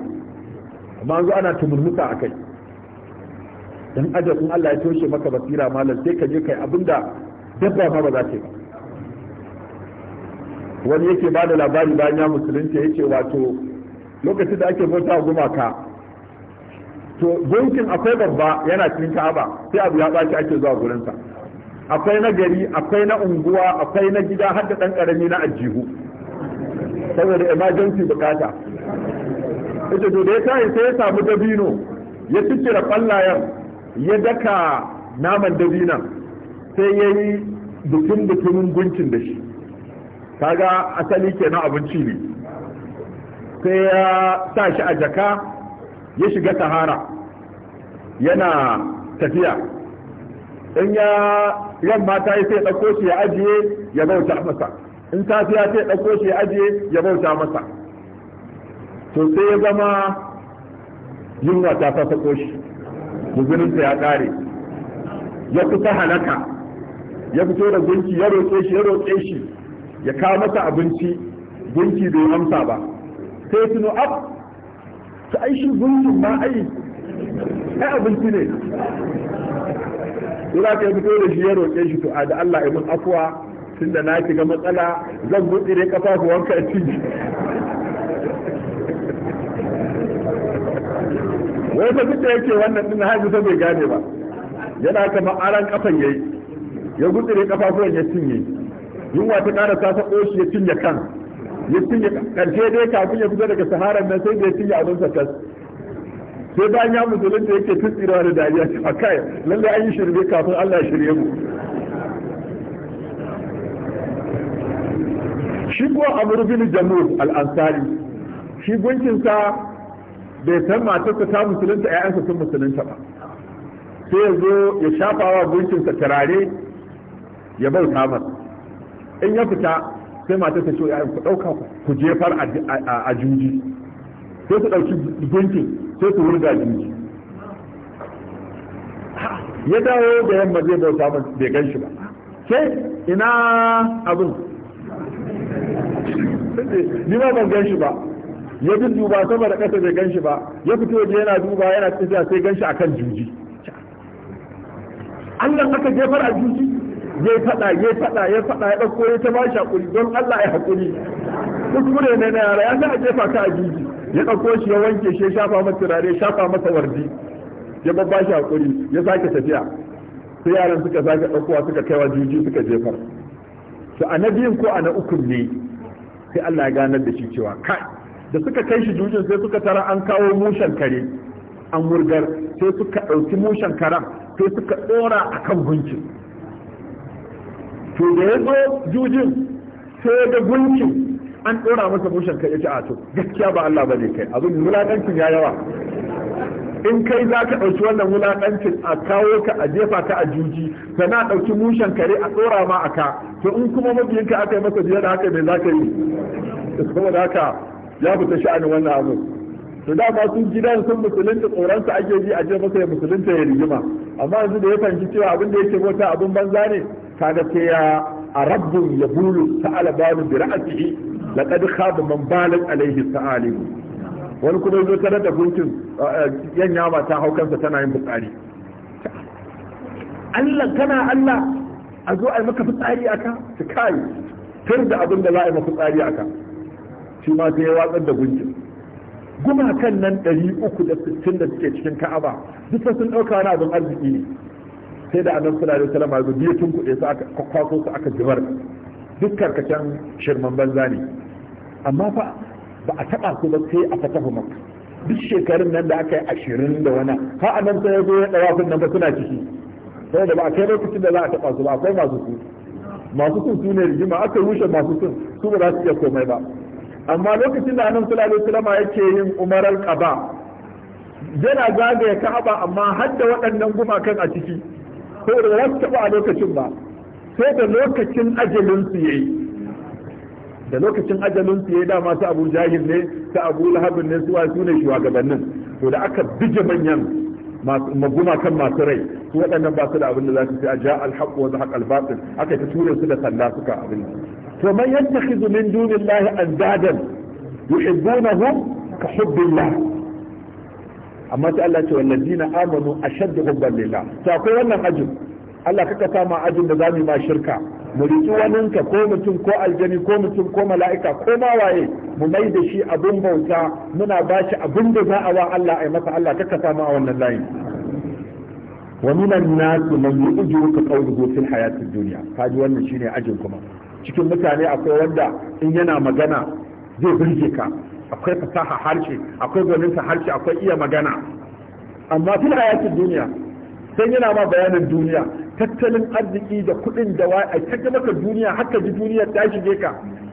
amma an zo ana tumurmuka akai dan adam Allah ya toshe maka basira malam sai ka je kai abinda dabba ma ba za ta yi ba wani yake ba da labari bayan ya musulunta ya ce wato lokacin da ake bauta a gumaka to gunkin akwai babba yana cikin ka'aba sai abu ya ɓaci ake zuwa gurinsa akwai na gari akwai na unguwa akwai na gida har da ɗan ƙarami na ajihu saboda emergency bukata ita to ya tayi sai ya samu dabino ya ciccire ƙwallayen ya daka naman dabinan sai ya yi bikin bikinin gunkin da shi kaga asali kenan abinci ne sai ya sa shi a jaka ya shiga sahara yana tafiya in ya yamma ta yi sai ɗauko shi ya ajiye ya bauta masa in safiya sai ɗauko shi ya ajiye ya bauta masa to sai ya zama yunwa ta ta sako shi guzuninsa ya ƙare ya kusa halaka ya fito da gunki ya roƙe shi ya roƙe shi ya kawo masa abinci gunki bai amsa ba sai tuno ab ta ai shi gunkin ma ai ai abinci ne ina kai fito da shi ya roƙe shi to a da Allah ya mun afuwa tunda na shiga matsala zan gutsire kafafuwan ka ci wai fa duk da yake wannan din haji sai bai gane ba yana kamar aran kafan yayi ya gutsire kafafuwan ya cinye yunwa ta ƙara ta sako shi ya cinye kan ya cinye karshe dai kafin ya fito daga saharan nan sai da ya cinye abin kas sai bayan ya musulun da yake tutsirawa da dariya A kai lalle an yi shirme kafin Allah shirye mu shi ko amru bin jamul al shi gunkinsa bai san matarsa ta musulunta 'ya'yansa sun musulunta ba sai ya zo ya shafawa wa gunkinsa turare ya bauta masa in ya fita sai mata ta ce yayin ku dauka ku jefar a juji sai su dauki gunkin sai su wurga juji ya dawo da yamma zai bauta ba bai gan shi ba sai ina abin ni ma ban gan shi ba ya bi duba sama da kasa bai gan shi ba ya fito waje yana duba yana tafiya sai gan shi akan juji Allah aka jefar a juji ya faɗa ya faɗa ya faɗa ya ɗauko ya ta bashi haƙuri don Allah ya haƙuri gure ne na yara ya sa a jefa ka a jiji ya ɗauko shi ya wanke shi ya shafa masa turare shafa masa wardi ya babba shi haƙuri ya sake tafiya sai yaran suka sake ɗaukowa suka kaiwa jiji suka jefar to a na biyun ko a na ukun ne sai Allah ya ganar da shi cewa kai da suka kai shi jujin sai suka tara an kawo mushen kare an murgar sai suka ɗauki mushen karam sai suka ɗora a kan gunkin to da ya zo jujin sai da gunki an dora masa bushen kai ya a to gaskiya ba Allah bane kai abin mulakancin ya yawa in kai za ka ɗauki wannan wulaƙancin a kawo ka a jefa ka a juji sana ɗauki mushen kare a ɗora ma a ka to in kuma mabiyinka aka yi masa biyar da haka mai za ka yi saboda haka ya fita sha'anin wannan abu to da ma sun gidan sun musulunta tsoronsa ake ji a je masa ya musulunta ya rigima amma yanzu da ya fahimci cewa abin da yake mota abin banza ne kaga sai ya a arabbun ya bulu sa'ala balu bi ra'sihi laqad khaba man balan alaihi sa'alim wani kuma zo tare da gunkin yan yama ta hau kansa tana yin fitsari Allah kana Allah a zo a maka fitsari aka su kai tun da abin da za a yi maka fitsari aka shi ma sai ya watsar da gunkin gumakan nan 360 da suke cikin ka'aba duk sun ɗauka wani abin arziki ne sai da annabi sallallahu alaihi wasallam ya biyo tun kuɗe su aka kwaso su aka zubar duk karkacen shirman banza ne amma fa ba a taɓa su ba sai a fatahu makka duk shekarun nan da aka yi ashirin da wani har a nan sai ya zo ya ɗawa sun nan ba suna ciki sai da ba a kai lokacin da za a taɓa su ba akwai masu su masu sun su ne rigima aka rushe masu sun su ba za su iya komai ba amma lokacin da annabi sallallahu alaihi wasallam yake yin umaral qaba yana zagaya ka'aba amma har da waɗannan gumakan a ciki saboda wasu taɓa a lokacin ba sai da lokacin ajalin su yayi da lokacin ajalin su yayi dama su Abu Jahil ne da Abu Lahab ne su wasu ne shugabannin to da aka bije manyan maguma kan masu rai su waɗannan ba su da abin da za su ce a ja alhaq wa zahaq albatil aka ta tura su da sanda suka abin to man yattakhidhu min dunillahi andadan yuhibbunahum ka hubbillah amma sai Allah ce wallazina amanu ashaddu hubban lillah to akwai wannan ajin Allah kaka sa ma ajin da zamu ba shirka mu riki waninka ko mutum ko aljani ko mutum ko mala'ika ko ma waye mu mai da shi abin bauta muna ba shi abin da za a wa Allah ai masa Allah kaka sa ma a wannan layin wa minan nasu man yu'jiruka qawluhu fil hayati dunya kaji wannan shine ajin kuma cikin mutane akwai wanda in yana magana zai burge ka akwai fasaha harshe akwai gwaninta harshe akwai iya magana amma fil yakin duniya sai yana ma bayanin duniya tattalin arziki da kuɗin da wa ai kaje maka duniya haka ji duniya ta shige ka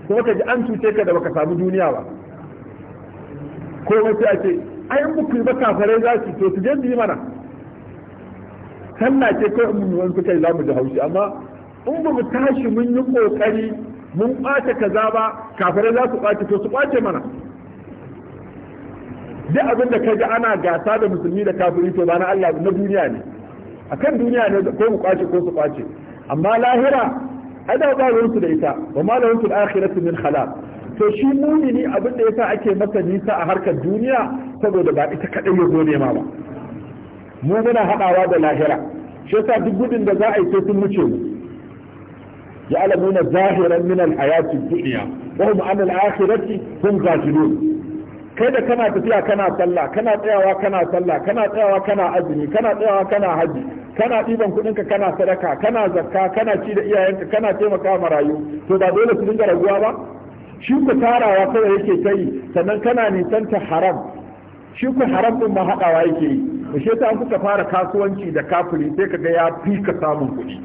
kuma ka ji an cuce ka da baka samu duniya ba ko a ce, ai in muku ba kafare za su to su je su yi mana sallah ce ko in mun suka yi zamu ji haushi amma in ba mu tashi mun yi kokari mun ɓace kaza ba kafarai za su ɓace to su ɓace mana duk abin da kaji ana gasa da musulmi da kafiri to ba na Allah na duniya ne akan duniya ne ko mu kwace ko su kwace amma lahira ai da ba ruwansu da ita wa ma lahum fil akhirati min khalaq to shi mumini abin da yasa ake masa nisa a harkar duniya saboda ba ita kadai ya zo ba mu muna hadawa da lahira shi yasa duk gudun da za a yi sai sun wuce mu ya zahiran min al-hayati dunya wa hum an al-akhirati hum ghafilun kai da kana tafiya kana sallah kana tsayawa kana sallah kana tsayawa kana azumi kana tsayawa kana haji kana ɗiban kuɗinka kana sadaka kana zakka kana ci da iyayenka kana taimaka marayu to da dole su dinga raguwa ba shi ku tarawa kawai yake ta yi sannan kana nisan ta haram shi ku haram ɗin ma haɗawa yake yi to shi ta an kuka fara kasuwanci da kafuri sai kaga ya fi ka samun kuɗi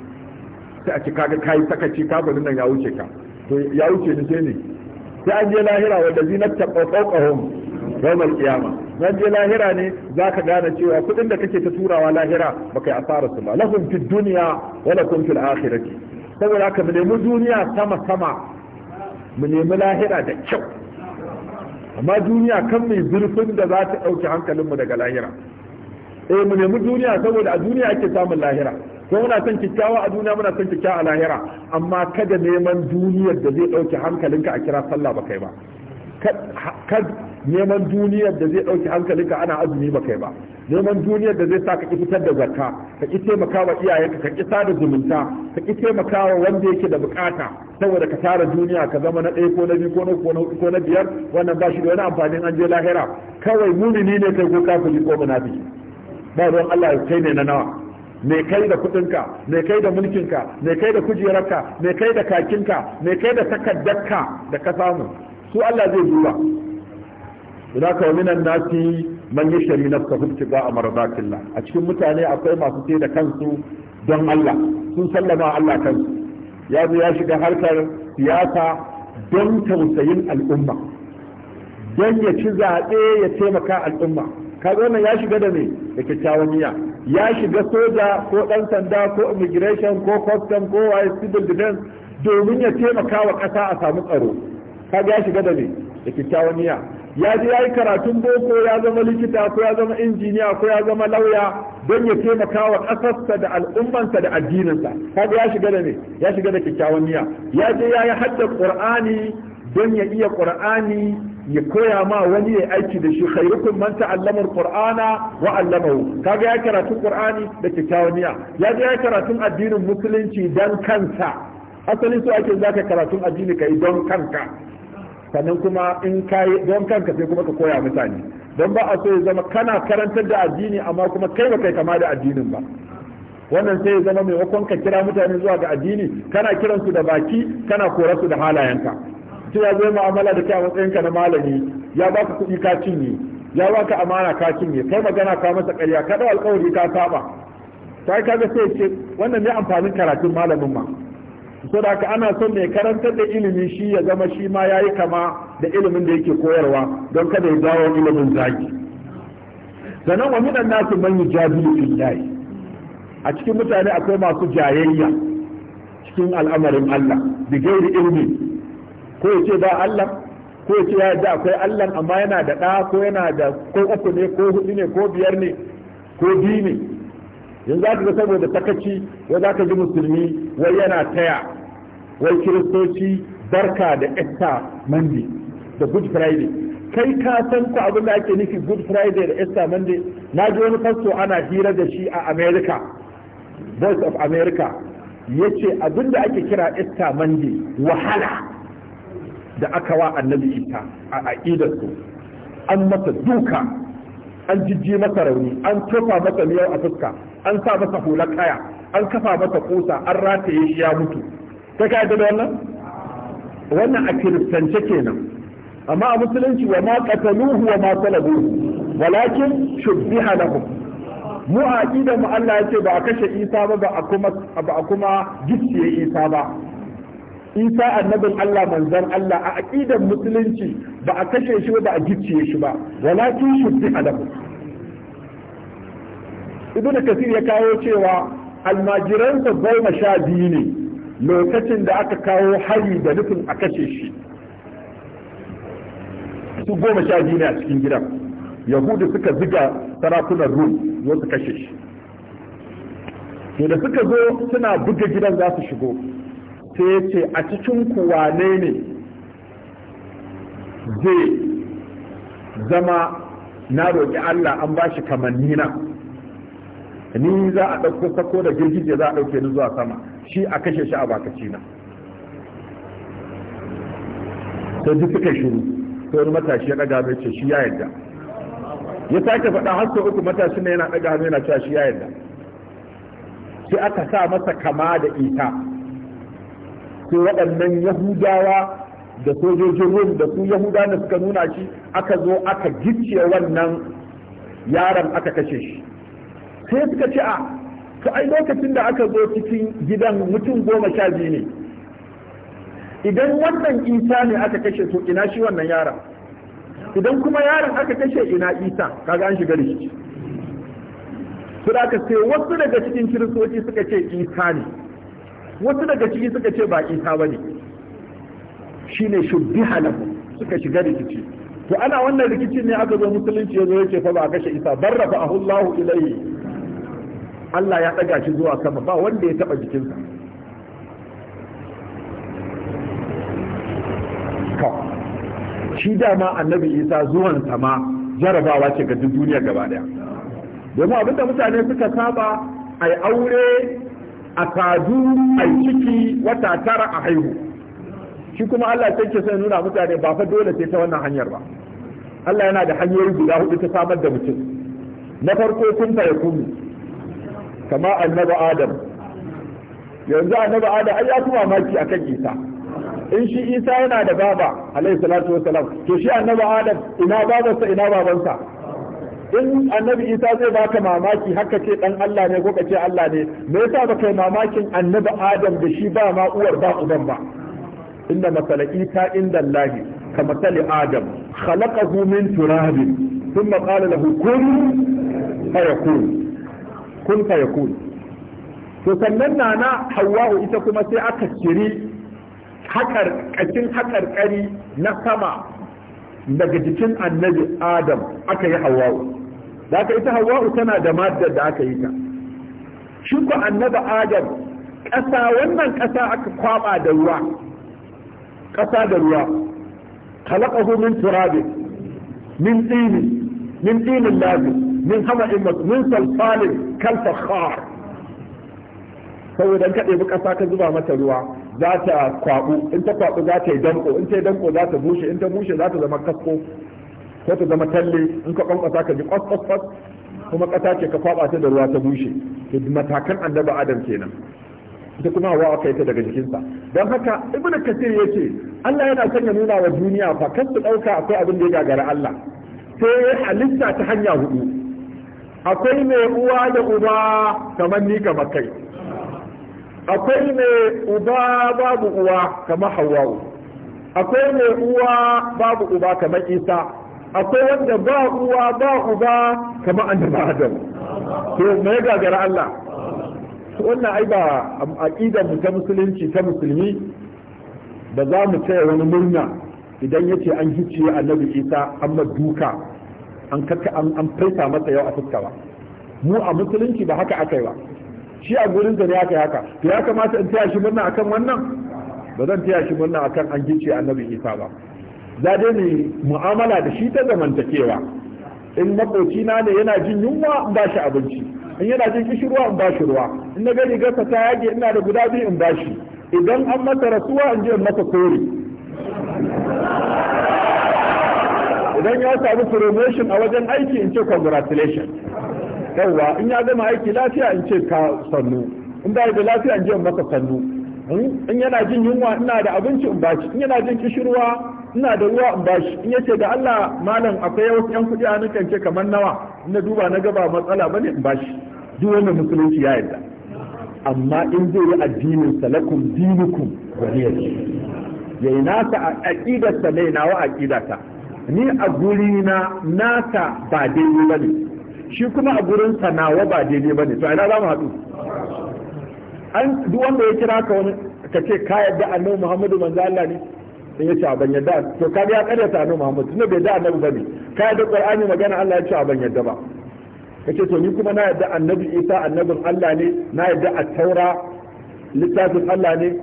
sai a ci kaga kayi sakaci kafirin nan ya wuce ka to ya wuce ni sai ne sai an je lahira wanda zinat taqaw fawqahum yawmal qiyama nan je lahira ne za ka gane cewa kuɗin da kake ta turawa lahira baka yi asarar su ba lahum fid duniya wa lakum fil akhirati saboda haka mu nemi duniya sama sama mu nemi lahira da kyau amma duniya kan mai zurfin da za ta ɗauki hankalinmu daga lahira eh mu nemi duniya saboda a duniya ake samun lahira ko muna son kyakkyawa a duniya muna son kyakkyawa a lahira amma kada neman duniyar da zai ɗauke hankalinka a kira sallah ba kai ba ka neman duniyar da zai ɗauke hankalinka ana azumi ba kai ba neman duniyar da zai sa ka fitar da zakka ka ki taimaka wa iyayenka ka ki da zumunta ka ki taimaka wa wanda yake da bukata saboda ka tara duniya ka zama na ɗaya ko na biyu ko na ko na biyar wannan ba shi da wani amfani an je lahira kawai mumini ne kai ko kafiri ko munafiki ba ruwan Allah ya kai ne na nawa me kai da kudinka me kai da mulkin ka, me kai da kujerarka me kai da kakinka me kai da ka, da ka samu su Allah zai duba idan wa minan nasi man yashri nafsahu ibtiga amradatillah a cikin mutane akwai masu sai da kansu don Allah sun sallama Allah kansu ya zo ya shiga harkar siyasa don tausayin al'umma don ya ci zaɓe ya taimaka al'umma kaga nan ya shiga da me da kyakkyawan niyya ya shiga soja ko ɗan sanda ko immigration ko custom ko waye civil defense domin ya taimaka wa ƙasa a samu tsaro kaga ya shiga da me da kyakkyawan niyya ya je ya yi karatun boko ya zama likita ko ya zama injiniya ko ya zama lauya don ya taimaka wa ƙasarsa da al'ummansa da addininsa kaga ya shiga da me ya shiga da kyakkyawan niyya ya je ya yi hadda qur'ani don ya iya qur'ani ya koya ma wani ya aiki da shi khairukum man ta'allama qur'ana wa 'allamahu kaga ya karatun qur'ani da kyakkyawan niyya ya je ya karatun addinin musulunci dan kansa asalin su ake zaka karatun addini kai don kanka sannan kuma in kai don kanka sai kuma ka koya mutane don ba a so ya zama kana karantar da addini amma kuma kai ba kai kama da addinin ba wannan sai ya zama maimakon ka kira mutane zuwa ga addini kana kiransu da baki kana korarsu da halayenka sai ya zo mu'amala da kai a na malami ya baka kuɗi ka cinye ya baka amana ka cinye kai magana ka masa ƙarya ka dau alƙawari ka saba sai kaga sai ce wannan ne amfanin karatun malamin ma da aka ana son mai karantar da ilimi shi ya zama shi ma ya yi kama da ilimin da yake koyarwa don kada ya dawo ilimin zaki sannan wa minan nasu man yujadilu fillahi a cikin mutane akwai masu jayayya cikin al'amarin Allah bi gairi ilmi ko ya ce ba Allah ko ya ce ya da akwai Allah amma yana da ɗa ko yana da ko uku ne ko hudu ne ko biyar ne ko bi ne yanzu za ka ga saboda takaci wai za ka ji musulmi wai yana taya wai kiristoci barka da Easter mandi da Good Friday kai ka san ku abin da ake nufi Good Friday da Easter mandi na ji wani fasto ana hira da shi a America Voice of America ya ce abin da ake kira Easter mandi wahala da aka wa annabi ita a aƙidarsu an masa duka an jijji masa rauni an tofa masa miyau a fuska an sa masa hular kaya an kafa masa kusa an rataye shi ya mutu ta ka da wannan wannan a kiristance kenan amma a musulunci wa ma qataluhu wa ma salabuhu walakin shubbiha lahum mu a aqida mu Allah yace ba a kashe Isa ba ba a kuma ba a kuma Isa ba isa annabin Allah manzan Allah a aƙidar musulunci ba a kashe shi ba a gicciye shi ba walakin shubbi alamu ibn kasir ya kawo cewa almajiransa goma sha biyu ne lokacin da aka kawo hari da nufin a kashe shi su goma sha biyu ne a cikin gidan yahudu suka ziga sarakunan rum zo su kashe shi da suka zo suna buga gidan za su shigo sai ce a cikin ku ne zai zama na roƙi Allah an ba shi kamannina ni za a ɗauko sako da girgije za a ɗauke ni zuwa sama shi a kashe shi a bakaci na ta duk suka shiru Ta wani matashi ya ɗaga mai ce shi ya yadda. ya sake faɗa har sau uku matashi ne yana ɗaga mai yana cewa shi ya yadda. sai aka sa masa kama da ita sai waɗannan yahudawa da sojojin rum da su yahuda da suka nuna shi aka zo aka gicciye wannan yaron aka kashe shi sai suka ce a ah, to ai lokacin da aka zo cikin gidan mutum goma sha biyu ne idan wannan isa ne aka kashe to ina shi wannan yaron idan kuma yaron aka kashe ina isa kaga an shiga shi. su da sai wasu daga cikin kiristoci suka ce isa ne wasu daga ciki suka ce ba isa ba shi ne shubbi lahu suka shiga rikici to ana wannan rikicin ne aka zo musulunci ya zo yake fa ba kashe isa barrafa ahullahu ilayhi Allah ya ɗaga shi zuwa sama ba wanda ya taba jikinsa shi dama annabi isa zuwan sama jarabawa ce ga duk duniya gaba daya domin abinda mutane suka saba ai aure a kadu a ciki wata tara a haihu shi kuma Allah ya ke sai nuna mutane ba fa dole sai ta wannan hanyar ba Allah yana da hanyoyi guda hudu ta samar da mutum na farko kun fa yakunu kama annabi Adam yanzu annabi Adam ai ya kuma maki akan Isa in shi Isa yana da baba alaihi salatu wasalam to shi annabi Adam ina babansa, ina babansa in annabi isa zai baka mamaki haka ce dan Allah ne ko kace Allah ne me yasa baka yi mamakin annabi adam da shi ba ma uwar ba uban ba inna masala isa inda Allah ka masali adam khalaqahu min turab thumma qala lahu kun fayakun kun fayakun to sannan nana hawwa ita kuma sai aka kiri hakar kakin hakar kari na sama daga jikin annabi adam aka yi Hauwa. da aka ita hawa'u tana da maddar da aka yi ta shi ku annaba adam ƙasa wannan ƙasa aka kwaba da ruwa ƙasa da ruwa khalaqahu min turabin min tsini min tsinin lafi min hama'in min salsalin kal fakhar saboda ka ɗebi ƙasa ka zuba mata ruwa za ta kwaɓu in ta kwaɓu za ta yi danko in ta yi danko za ta bushe in ta bushe za ta zama kasko sai ta zama talle in ka kwankwasa ka ji kwas kwas kwas kuma kasa ce ka kwaba ta da ruwa ta bushe to matakan annabi adam kenan ita kuma wa aka yi ta daga jikinsa don haka ibnu kasir ce, Allah yana son ya nuna wa duniya fa kan su dauka akwai abin da ya gagara Allah sai ya halitta ta hanya hudu akwai mai uwa da uba kamar ni kamar kai akwai mai uba babu uwa kamar hawawu akwai mai uwa babu uba kamar isa akwai wanda ba uwa ba uba kamar annabi adam to me ya gagara Allah wannan ai ba aqidar mu ta musulunci ta musulmi ba za mu taya wani murna idan yace an hicce annabi Isa an duka an kaka an faita masa yau a fuska ba mu a musulunci ba haka akai ba shi a gurin da ya kai haka to ya kamata in taya shi murna akan wannan ba zan taya shi murna akan an hicce annabi Isa ba za dai mu mu'amala da shi ta zamantakewa in makoci na ne yana jin yunwa in ba shi abinci in yana jin kishirwa in ba shi ruwa in na gani gasa ta yage ina da guda biyu in ba shi idan an masa rasuwa in je in masa kore idan ya samu promotion a wajen aiki in ce congratulation yawwa in ya gama aiki lafiya in ce ka sannu in ba da lafiya in je in masa sannu hmm? in yana jin yunwa ina da abinci in ba shi in yana jin kishirwa ina da ruwa in bashi in yace da Allah malam akwai wasu yan kuɗi a nan ce kamar nawa ina duba na ga ba matsala bane in bashi duk wanda musulunci ya yarda amma in zai yi addinin salakum dinukum waliyar ya nasa a sa ne nawa aqidata ni a guri na nasa ba daidai ba shi kuma a sa nawa ba daidai ba ne to ina za mu haɗu an duk wanda ya kira ka wani ka ce ka yadda annabi muhammadu manzo Allah ne sai ya ce a ban yadda to ka ya karyata annabi Muhammad tunda bai da annabi bane ka da Qur'ani magana Allah ya ce a ban yadda ba kace to ni kuma na yadda annabi Isa annabin Allah ne na yadda at-Taura littafin Allah ne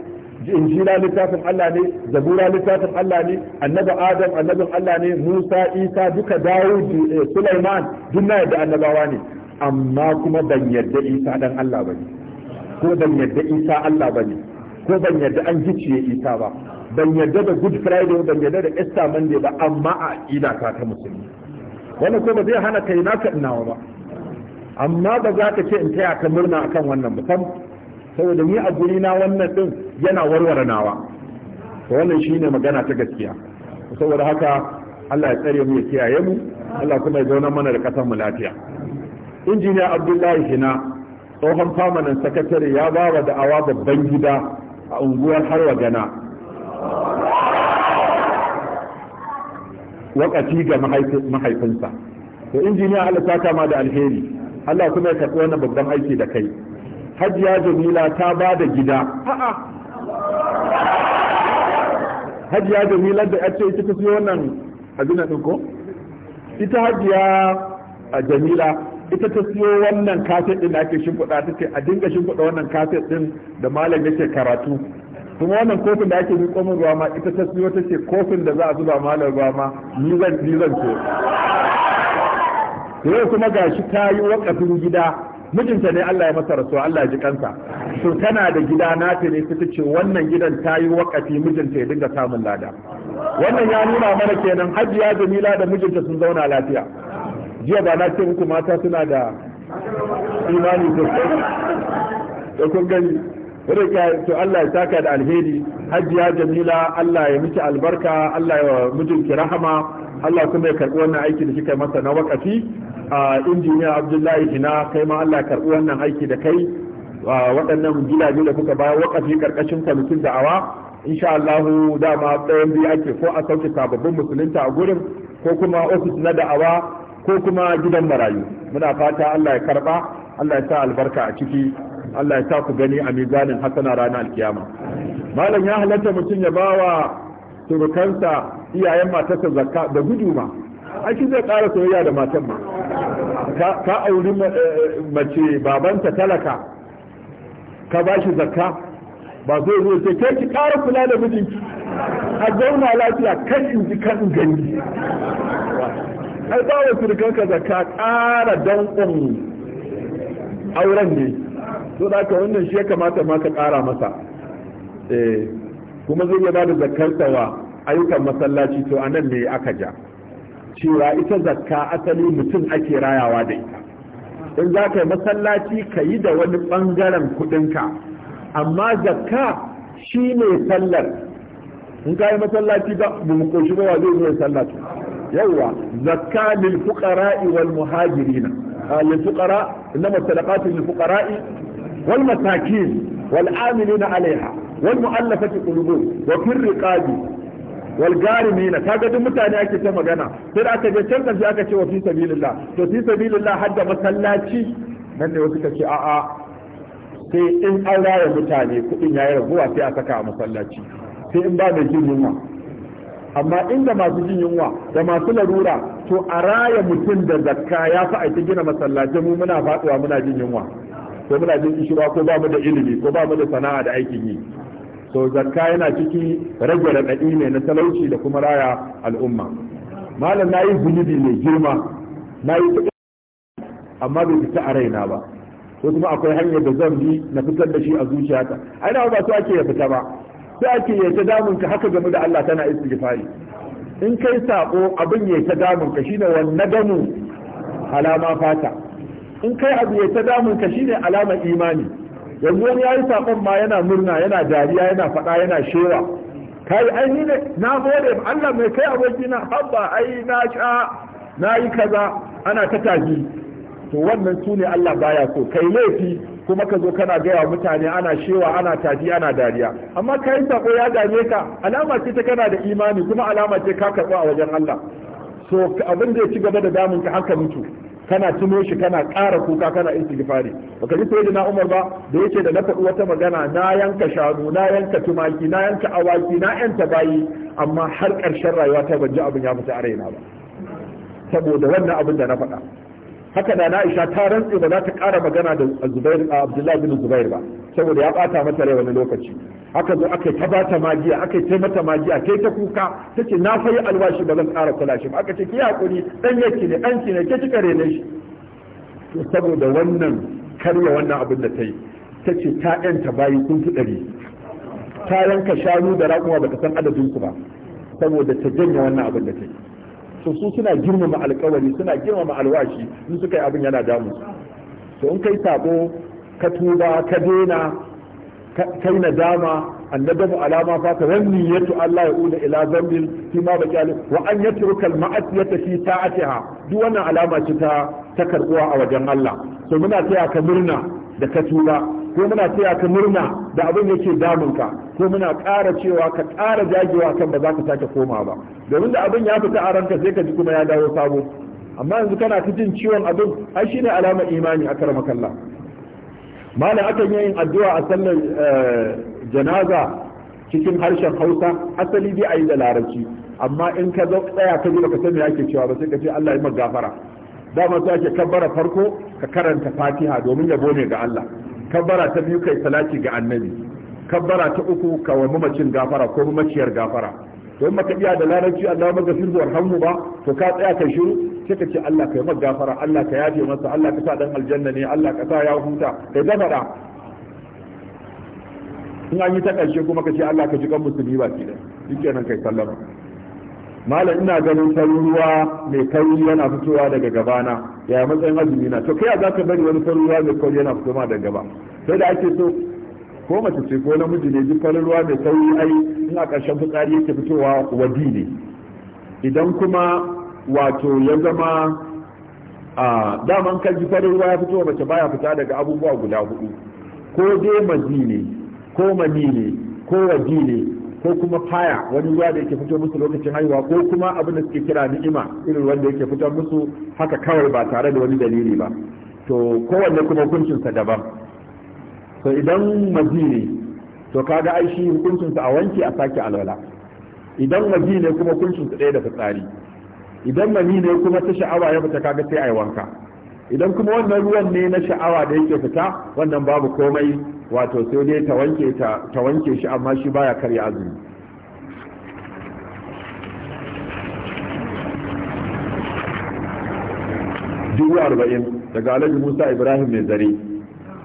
injila littafin Allah ne zabura littafin Allah ne annabi adam annabin Allah ne musa isa duka dawud eh, sulaiman duk na yadda annabawa ne amma kuma ban yadda isa dan Allah bane ko ban yadda isa Allah bane ko ban yadda an giciye isa ba ban yarda da good friday ban yarda da easter monday ba amma a aqida ka ta musulmi wannan ko ba zai hana kai naka inawa ba amma ba za ka ce in taya ka murna akan wannan ba saboda ni a guri na wannan din yana warware nawa to wannan shine magana ta gaskiya saboda haka Allah ya tsare mu ya kiyaye mu Allah kuma ya zauna mana da kasar mu lafiya injiniya Abdullahi Hina tsohon famanan sakatare ya bawa wa da'awa babban gida a unguwar Harwa Gana wakati ga mahaifinsa to injiniya Allah ta kama da alheri Allah kuma ya karɓi wannan babban aiki da kai hajiya jamila ta ba da gida hajiya jamila da ya ce kika siyo wannan abin nan ko ita hajiya jamila ita ta siyo wannan kaset din da ake shimfiɗa ta ce a dinga shimfiɗa wannan kaset din da malam yake karatu kuma wannan kofin da ake yi komai ruwa ma ita ta siyo ta ce kofin da za a zuba malar ruwa ma ni zan ni zan ce yau kuma gashi ta yi wakafin gida mijinta ne Allah ya masa rasuwa Allah ya ji kansa to tana da gida nata ne ta ce wannan gidan ta yi wakafi mijinta ya dinga samun lada wannan ya nuna mana kenan hajiya jamila da mijinta sun zauna lafiya jiya ba na ce muku mata suna da imani sosai da kun gani rika to Allah ya saka da alheri hajiya jamila Allah ya miki albarka Allah ya mijinki rahama Allah kuma ya karbi wannan aiki da kika masa na wakafi a injiniya Abdullahi Ina kai ma Allah ya karbi wannan aiki da kai waɗannan gidaje da kuka bayar wakafi karkashin kwamitin da'awa insha Allah dama ɗayan biyu ake ko a sauke sababbin musulunta a gurin ko kuma ofis na da'awa ko kuma gidan marayu muna fata Allah ya karba Allah ya sa albarka a ciki Allah ya sa ku gani a mizanin hasana ranar alkiyama malam ya halatta mutum ya bawa surukansa iyayen matarsa zakka da gudu ma ai zai ƙara soyayya da matan ma ka auri eh, eh, mace babanta talaka ka ba shi zakka ba zai zo sai kai ki ƙara kula da mijinki a zauna lafiya kan in ji kan gani ai ba wa surukanka zakka ƙara danƙon auren ne so da wannan shi ya kamata ma ka ƙara masa eh, kuma zai iya bada zakarta wa ayyukan masallaci to anan ne aka ja cewa ita zakka asali mutum ake rayawa da ita in za ka yi masallaci ka yi da wani ɓangaren kuɗinka amma zakka shi ne sallar in ka yi masallaci ba mu koshi ba zai zo ya sallata yawwa zakka lil fuqara'i wal muhajirina ah, lil fuqara inna lil fuqara'i wal masakin wal amilina alaiha wal mu'allafati qulubuhum wa fir riqabi walgarimina kaga duk mutane ake ta magana sai da aka je can ƙarshe aka ce wa fi sabilillah to fi sabilillah har da masallaci nan ne wasu kace a'a sai in an raya mutane kuɗin yayi raguwa sai a saka a masallaci sai in ba mai jin yunwa amma da masu jin yunwa da masu larura to a raya mutum da zakka ya fi aiki gina masallacin mu muna faɗuwa muna jin yunwa ko muna jin kishirwa ko ba mu da ilimi ko ba mu da sana'a da aikin yi so zakka yana ciki rage raɗaɗi ne na talauci da kuma raya al'umma malam na yi zunubi mai girma na yi amma bai fita a raina ba ko kuma akwai hanyar da zan bi na fitar da shi a zuciyata aina na ba su ake ya fita ba sai ake ya ta damun ka haka game da Allah tana istighfari in kai sako abin ya ta damun ka shine wannan gamu alama fata in kai abu ya ta damun ka shine alamar imani yanzu wani yayi sakon ma yana murna yana dariya yana faɗa yana shewa kai ai ni ne na gode Allah mai kai abokina habba ai na sha na yi kaza ana ta tafi to wannan su ne Allah baya so kai laifi kuma ka zo kana gaya mutane ana shewa ana tafi ana dariya amma ka yi sako ya dame ka alama ce ta kana da imani kuma alama ce ka karɓa a wajen Allah so abin da ya ci gaba da damun ka haka mutu kana tuno shi kana ƙara kuka kana istighfari baka ji sai na Umar ba da yake da na faɗi wata magana na yanka shanu na yanka tumaki na yanka awaki na yanta bayi amma har ƙarshen rayuwa ta ban ji abin ya fita a raina ba saboda wannan abin da na faɗa haka da na ta rantse ba za ta kara magana da Zubair Abdullahi bin Zubair ba saboda ya bata mata rai wani lokaci haka zo aka ta bata magiya aka ta mata magiya kai ta kuka tace na fayi alwashi ba zan kara kula shi ba aka ce ki hakuri dan yake ne dan ki ne ke kika rene shi to saboda wannan karya wannan abin da ta yi tace ta yanta bayi kun fi ɗari ta yanka shanu da raƙuma ba ta san adadin ku ba saboda ta janye wannan abin da ta to su suna girmama alkawari suna girmama alwashi in suka yi abin yana damu to in kai sabo ka tuba ka daina kai nadama annadamu alama fa ta ranni yatu Allah ya ula ila zambil fi ma baqali wa an yatruka ma'asiyata fi ta'atiha duk wannan alama ce ta ta karbuwa a wajen Allah to muna taya ka murna da ka tuba ko muna taya ka murna da abin yake damunka ko muna ƙara cewa ka ƙara jagewa kan ba za ka sake koma ba domin da abin ya fita a ranka sai ka ji kuma ya dawo sabo amma yanzu kana ta jin ciwon abin ai shine alamar imani a karama kalla malam akan yin addu'a a sallar eh, janaza cikin harshen hausa asali dai a yi da larabci amma in ka zo tsaya ka ji baka san me ake cewa ba sai ka ce Allah ya gafara dama sai ake kabbara farko ka karanta fatiha domin ya ne ga Allah kabbara ta biyu kai salati ga annabi kabbara ta uku ka wa mamacin gafara ko mamaciyar gafara don maka iya da larabci Allah maka sirru warhamu ba to ka tsaya ka shiru sai ka ce Allah ka yi maka gafara Allah ka yafe masa Allah ka sa dan aljanna ne Allah ka sa ya huta kai gafara in an yi ta ƙarshe kuma ka ce Allah ka ji kan musulmi ba ke da shikenan kai sallama malam ina ganin farin ruwa mai kauri yana fitowa daga gabana ya matsayin azumi na to kai za ka bari wani farin ruwa mai kauri yana fitowa daga gaba sai da ake so ko mace ce ko namiji ne duk farin ruwa mai kauri ai ina karshen fitsari yake fitowa wadi ne idan kuma wato ya zama a daman kan ji farin ruwa ya fitowa mace baya fita daga abubuwa guda hudu ko dai mazi ko mani ko wadi ne ko kuma faya wani ruwa da yake fito musu lokacin haihuwa ko kuma abin da suke kira ni'ima irin wanda yake fito musu haka kawai ba tare da wani dalili ba to kowanne kuma hukuncinsa daban to idan mazi ne to kaga ai shi hukuncinsa a wanke a sake alwala idan mazi ne kuma hukuncinsa ɗaya da fitsari idan mani ne kuma ta sha'awa ya fita kaga sai ai wanka idan kuma wannan ruwan ne na sha'awa da yake fita wannan babu komai wato sai dai ta wanke ta wanke shi amma shi baya karya azumi dubu arba'in daga alhaji musa ibrahim mai zare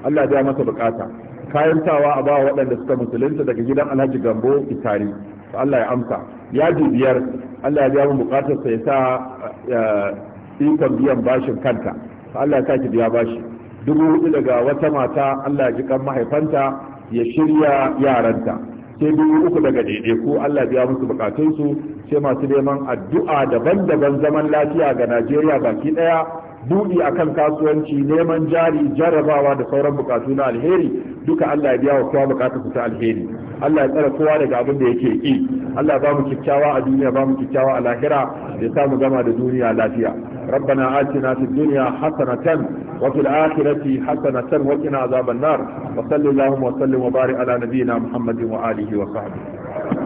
allah ya masa bukata kayan tawa a bawa waɗanda suka musulunta daga gidan alhaji gambo itari allah ya amsa ya biyar allah ya biya mu bukatarsa ya sa eh, ikon biyan bashin kanta Allah ya saki biya bashi dubu hudu daga wata mata Allah ya ji kan mahaifanta ya shirya yaranta sai dubu uku daga ko Allah biya musu bukatunsu sai masu neman addu'a daban-daban zaman lafiya ga Najeriya baki daya buɗi kan kasuwanci neman jari jarrabawa da sauran bukatu na alheri duka Allah ya biya wa kowa bukatarsa ta alheri Allah ya tsara kowa daga abin da yake ki Allah ba mu kikkiawa a duniya ba mu kikkiawa a lahira ya sa mu gama da duniya lafiya ربنا آتنا في الدنيا حسنة وفي الآخرة حسنة وقنا عذاب النار وصلى اللهم وسلم وبارك على نبينا محمد وآله وصحبه